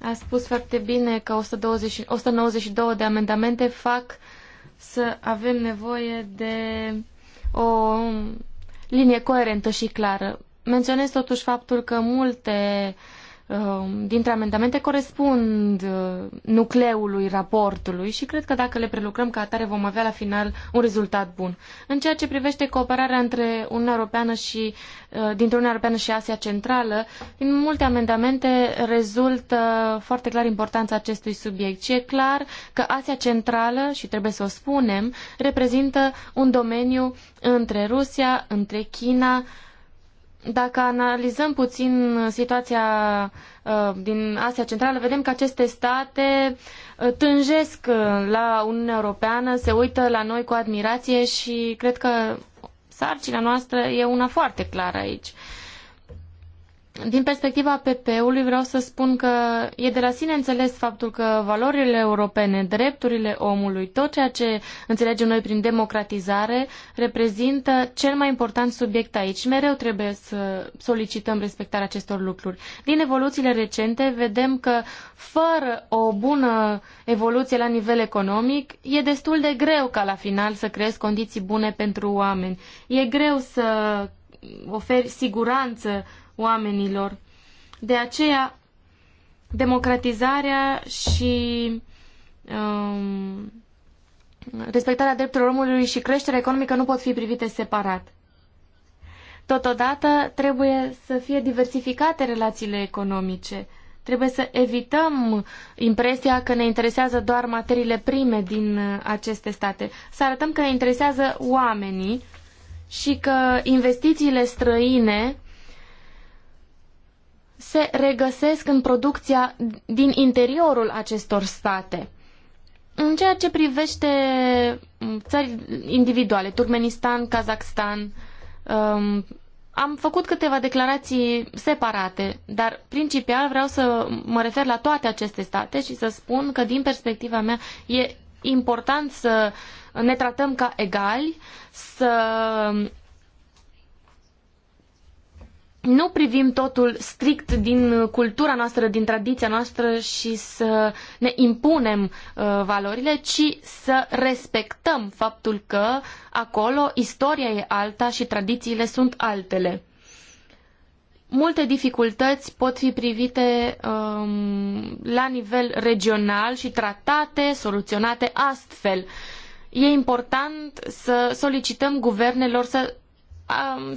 A spus foarte bine că 120, 192 de amendamente fac să avem nevoie de o linie coerentă și clară. Menționez totuși faptul că multe uh, Um, dintre amendamente corespund uh, nucleului raportului și cred că dacă le prelucrăm ca atare vom avea la final un rezultat bun. În ceea ce privește cooperarea între Uniunea Europeană și, uh, dintre Uniunea Europeană și Asia Centrală, din multe amendamente rezultă foarte clar importanța acestui subiect și e clar că Asia Centrală, și trebuie să o spunem, reprezintă un domeniu între Rusia, între China, dacă analizăm puțin situația uh, din Asia Centrală, vedem că aceste state uh, tânjesc uh, la Uniunea Europeană, se uită la noi cu admirație și cred că sarcina noastră e una foarte clară aici. Uh, din perspectiva PP-ului vreau să spun că e de la sine înțeles faptul că valorile europene, drepturile omului, tot ceea ce înțelegem noi prin democratizare, reprezintă cel mai important subiect aici. Mereu trebuie să solicităm respectarea acestor lucruri. Din evoluțiile recente vedem că fără o bună evoluție la nivel economic, e destul de greu ca la final să creezi condiții bune pentru oameni. E greu să oferi siguranță oamenilor. De aceea, democratizarea și um, respectarea drepturilor omului și creșterea economică nu pot fi privite separat. Totodată, trebuie să fie diversificate relațiile economice. Trebuie să evităm impresia că ne interesează doar materiile prime din uh, aceste state. Să arătăm că ne interesează oamenii și că investițiile străine se regăsesc în producția din interiorul acestor state. În ceea ce privește mm, țări individuale, Turkmenistan, Kazakhstan, um, am făcut câteva declarații separate, dar principial vreau să mă refer la toate aceste state și să spun că din perspectiva mea e important să ne tratăm ca egali, să nu privim totul strict din cultura noastră, din tradiția noastră și să ne impunem uh, valorile, ci să respectăm faptul că acolo istoria e alta și tradițiile sunt altele. Multe dificultăți pot fi privite um, la nivel regional și tratate, soluționate astfel. E important să solicităm guvernelor să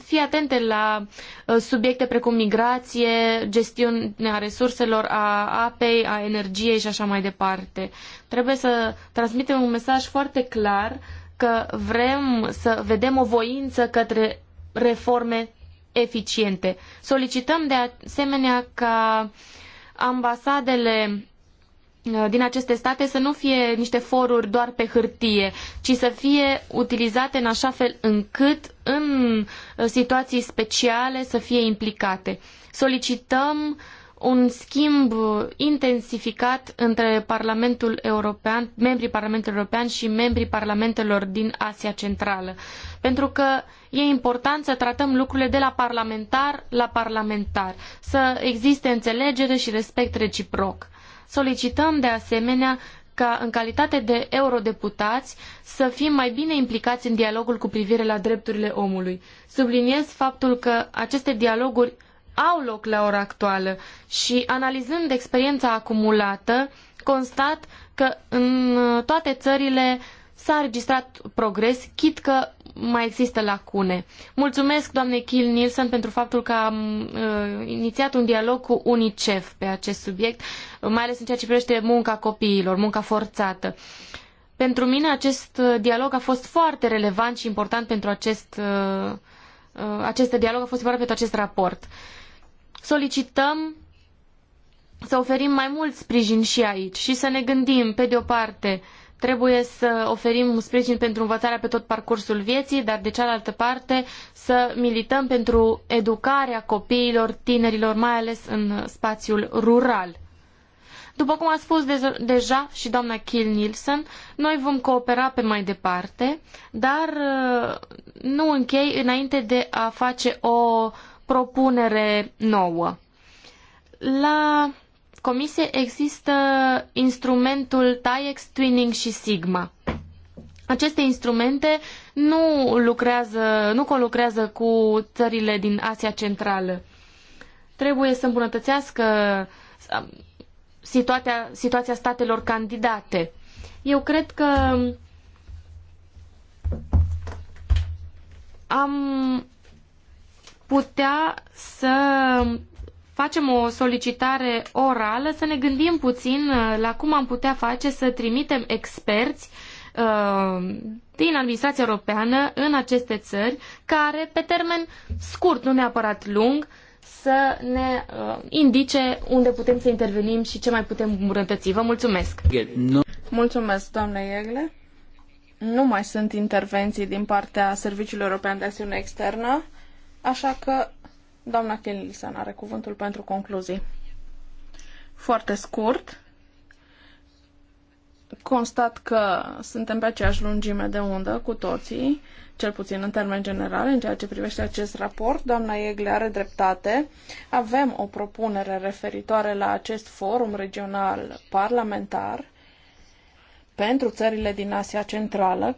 Fii atente la uh, subiecte precum migrație, gestiunea resurselor, a apei, a energiei și așa mai departe. Trebuie să transmitem un mesaj foarte clar că vrem să vedem o voință către reforme eficiente. Solicităm de asemenea ca ambasadele Uh, din aceste state să nu fie niște foruri doar pe hârtie, ci să fie utilizate în așa fel încât în uh, situații speciale să fie implicate. Solicităm un schimb intensificat între Parlamentul European, membrii Parlamentului European și membrii parlamentelor din Asia Centrală. Pentru că e important să tratăm lucrurile de la parlamentar la parlamentar, să existe înțelegere și respect reciproc. Solicităm de asemenea ca în calitate de eurodeputați să fim mai bine implicați în dialogul cu privire la drepturile omului. Subliniez faptul că aceste dialoguri au loc la ora actuală și analizând experiența acumulată, constat că în toate țările s-a înregistrat progres, chit că mai există lacune. Mulțumesc, doamne Kill Nielsen, pentru faptul că am uh, inițiat un dialog cu UNICEF pe acest subiect, mai ales în ceea ce privește munca copiilor, munca forțată. Pentru mine acest uh, dialog a fost foarte relevant și important pentru acest, uh, uh, acest dialog, a fost important pentru acest raport. Solicităm să oferim mai mult sprijin și aici și să ne gândim, pe de o parte, uh, trebuie să oferim sprijin pentru învățarea pe tot parcursul vieții, dar de cealaltă parte să milităm pentru educarea copiilor, tinerilor, mai ales în spațiul rural. După cum a spus deja și doamna Kill Nielsen, noi vom coopera pe mai departe, dar uh, nu închei înainte de a face o propunere nouă. La comisie există instrumentul TAIEX, Twinning și Sigma. Aceste instrumente nu lucrează, nu conlucrează cu țările din Asia Centrală. Trebuie să îmbunătățească um, situația, situația statelor candidate. Eu cred că am putea să facem o solicitare orală, să ne gândim puțin uh, la cum am putea face să trimitem experți uh, din administrația europeană în aceste țări care pe termen scurt, nu neapărat lung, să ne uh, indice unde putem să intervenim și ce mai putem îmbunătăți. Vă mulțumesc! Mulțumesc, doamne Iegle! Nu mai sunt intervenții din partea Serviciului European de Acțiune Externă, așa că Doamna Chelilsen are cuvântul pentru concluzii. Foarte scurt, constat că suntem pe aceeași lungime de undă cu toții, cel puțin în termen general, în ceea ce privește acest raport. Doamna Iegle are dreptate. Avem o propunere referitoare la acest forum regional parlamentar pentru țările din Asia Centrală,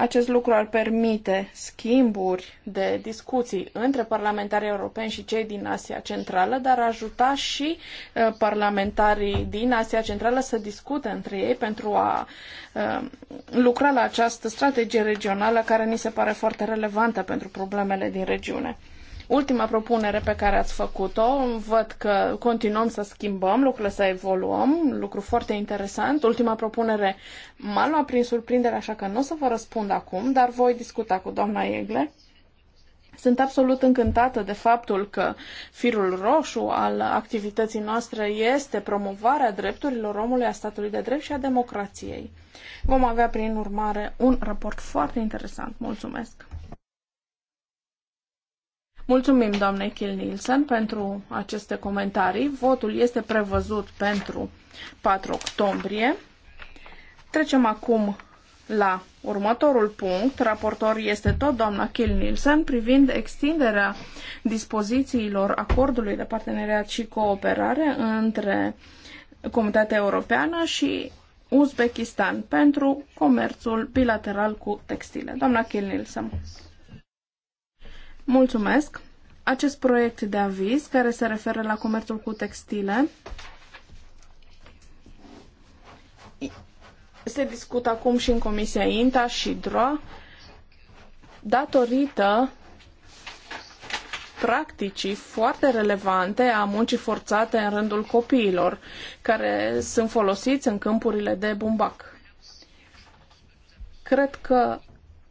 acest lucru ar permite schimburi de discuții între parlamentarii europeni și cei din Asia Centrală, dar ar ajuta și uh, parlamentarii din Asia Centrală să discute între ei pentru a uh, lucra la această strategie regională care ni se pare foarte relevantă pentru problemele din regiune. Ultima propunere pe care ați făcut-o, văd că continuăm să schimbăm lucrurile, să evoluăm, lucru foarte interesant. Ultima propunere m-a luat prin surprindere, așa că nu o să vă răspund acum, dar voi discuta cu doamna Egle. Sunt absolut încântată de faptul că firul roșu al activității noastre este promovarea drepturilor omului, a statului de drept și a democrației. Vom avea, prin urmare, un raport foarte interesant. Mulțumesc! Mulțumim, doamne Kil Nielsen, pentru aceste comentarii. Votul este prevăzut pentru 4 octombrie. Trecem acum la următorul punct. Raportor este tot doamna Kil Nielsen privind extinderea dispozițiilor acordului de parteneriat și cooperare între Comunitatea Europeană și Uzbekistan pentru comerțul bilateral cu textile. Doamna Kil Nielsen. Mulțumesc! Acest proiect de aviz, care se referă la comerțul cu textile, se discută acum și în Comisia INTA și DROA, datorită practicii foarte relevante a muncii forțate în rândul copiilor, care sunt folosiți în câmpurile de bumbac. Cred că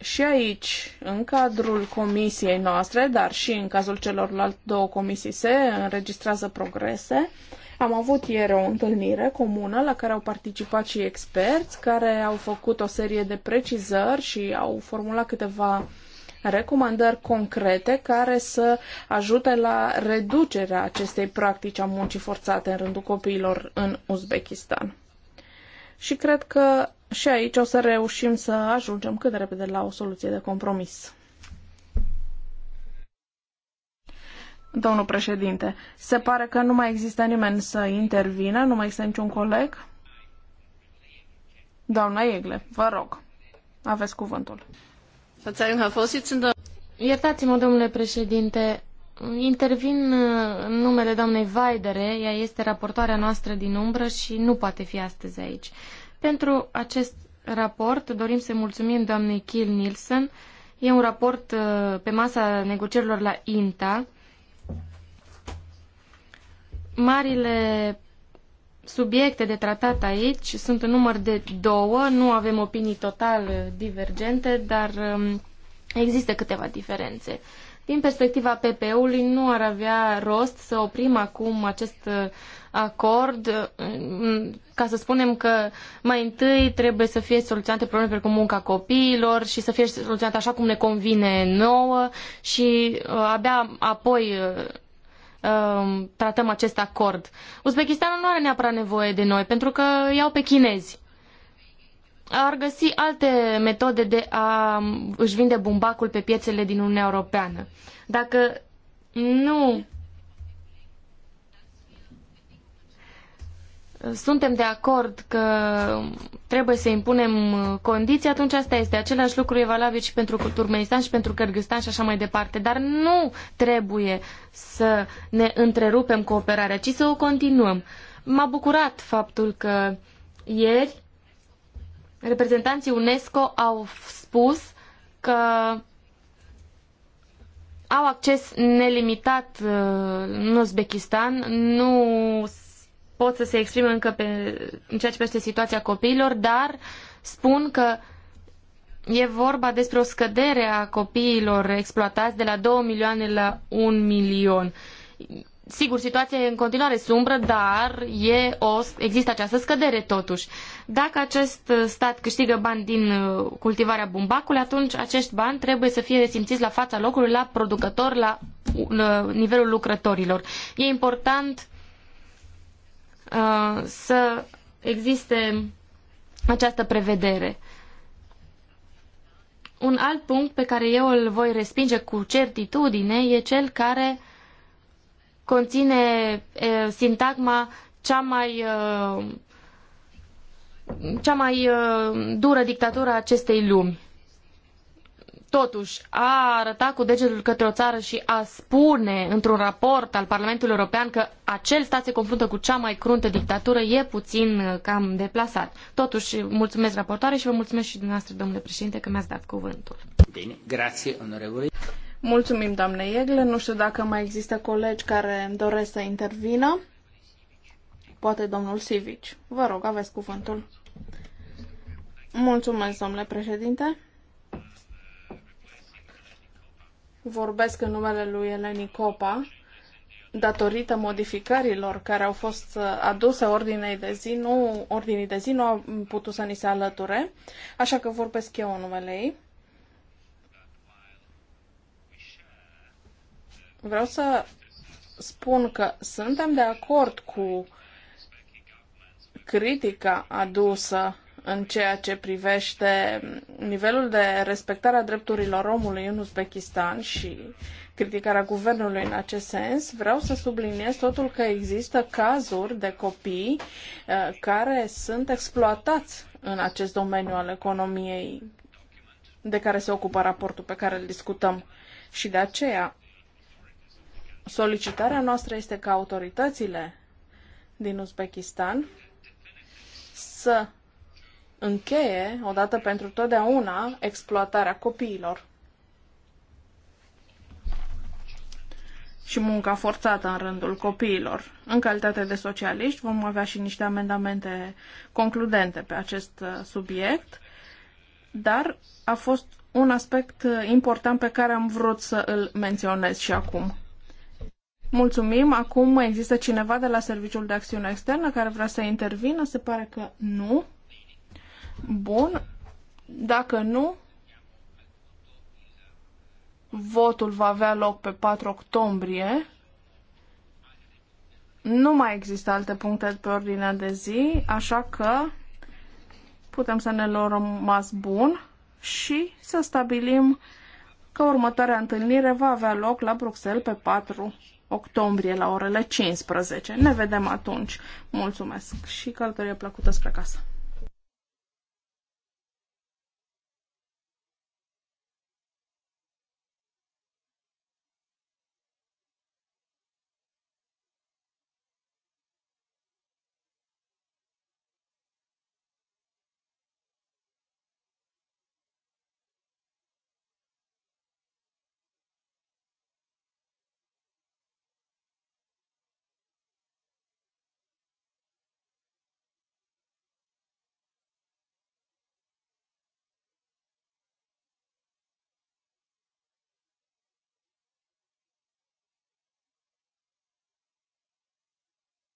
și aici, în cadrul comisiei noastre, dar și în cazul celorlalte două comisii, se înregistrează progrese. Am avut ieri o întâlnire comună la care au participat și experți care au făcut o serie de precizări și au formulat câteva recomandări concrete care să ajute la reducerea acestei practici a muncii forțate în rândul copiilor în Uzbekistan. Și cred că și aici o să reușim să ajungem cât de repede la o soluție de compromis. Domnul președinte, se pare că nu mai există nimeni să intervină, nu mai există niciun coleg. Doamna Egle, vă rog, aveți cuvântul. Iertați-mă, domnule președinte, intervin în numele doamnei Vaidere, ea este raportoarea noastră din umbră și nu poate fi astăzi aici. Pentru acest raport dorim să mulțumim doamnei Kiel Nielsen. E un raport uh, pe masa negocierilor la INTA. Marile subiecte de tratat aici sunt în număr de două, nu avem opinii total uh, divergente, dar um, există câteva diferențe. Din perspectiva PP-ului, nu ar avea rost să oprim acum acest uh, acord mm, ca să spunem că mai întâi trebuie să fie soluționate probleme precum munca copiilor și să fie soluționate așa cum ne convine nouă și uh, abia apoi uh, um, tratăm acest acord. Uzbekistanul nu are neapărat nevoie de noi pentru că iau pe chinezi ar găsi alte metode de a um, își vinde bumbacul pe piețele din Uniunea Europeană. Dacă nu suntem de acord că trebuie să impunem condiții, atunci asta este. Același lucru e valabil și pentru Turkmenistan și pentru Kyrgyzstan și așa mai departe. Dar nu trebuie să ne întrerupem cooperarea, ci să o continuăm. M-a bucurat faptul că ieri reprezentanții UNESCO au spus că au acces nelimitat uh, în Uzbekistan, nu pot să se exprime încă pe, în ceea ce privește situația copiilor, dar spun că e vorba despre o scădere a copiilor exploatați de la 2 milioane la 1 milion. Sigur, situația e în continuare sumbră, dar e o, există această scădere totuși. Dacă acest stat câștigă bani din uh, cultivarea bumbacului, atunci acești bani trebuie să fie resimțiți la fața locului, la producător, la uh, nivelul lucrătorilor. E important Uh, să existe această prevedere. Un alt punct pe care eu îl voi respinge cu certitudine e cel care conține e, uh, sintagma cea mai e, uh, cea mai dură dictatură a acestei lumi. Totuși, a arăta cu degetul către o țară și a spune într-un raport al Parlamentului European că acel stat se confruntă cu cea mai cruntă dictatură e puțin uh, cam deplasat. Totuși, mulțumesc raportoare și vă mulțumesc și dumneavoastră, domnule președinte, că mi-ați dat cuvântul. Bine, grație, onorevole. Mulțumim, doamne Iegle. Nu știu dacă mai există colegi care doresc să intervină. Poate domnul Sivici. Vă rog, aveți cuvântul. Mulțumesc, domnule președinte. vorbesc în numele lui Eleni Copa, datorită modificărilor care au fost uh, aduse ordinei de zi, nu, ordinii de zi nu au putut să ni se alăture, așa că vorbesc eu în numele ei. Vreau să spun că suntem de acord cu critica adusă în ceea ce privește nivelul de respectare a drepturilor omului în Uzbekistan și criticarea guvernului în acest sens, vreau să subliniez totul că există cazuri de copii uh, care sunt exploatați în acest domeniu al economiei de care se ocupă raportul pe care îl discutăm. Și de aceea, solicitarea noastră este ca autoritățile din Uzbekistan să încheie, odată pentru totdeauna, exploatarea copiilor. și munca forțată în rândul copiilor. În calitate de socialiști vom avea și niște amendamente concludente pe acest uh, subiect, dar a fost un aspect uh, important pe care am vrut să îl menționez și acum. Mulțumim. Acum există cineva de la Serviciul de Acțiune Externă care vrea să intervină? Se pare că nu. Bun. Dacă nu, votul va avea loc pe 4 octombrie. Nu mai există alte puncte pe ordinea de zi, așa că putem să ne luăm rămas bun și să stabilim că următoarea întâlnire va avea loc la Bruxelles pe 4 octombrie la orele 15. Ne vedem atunci. Mulțumesc și călătorie plăcută spre casă.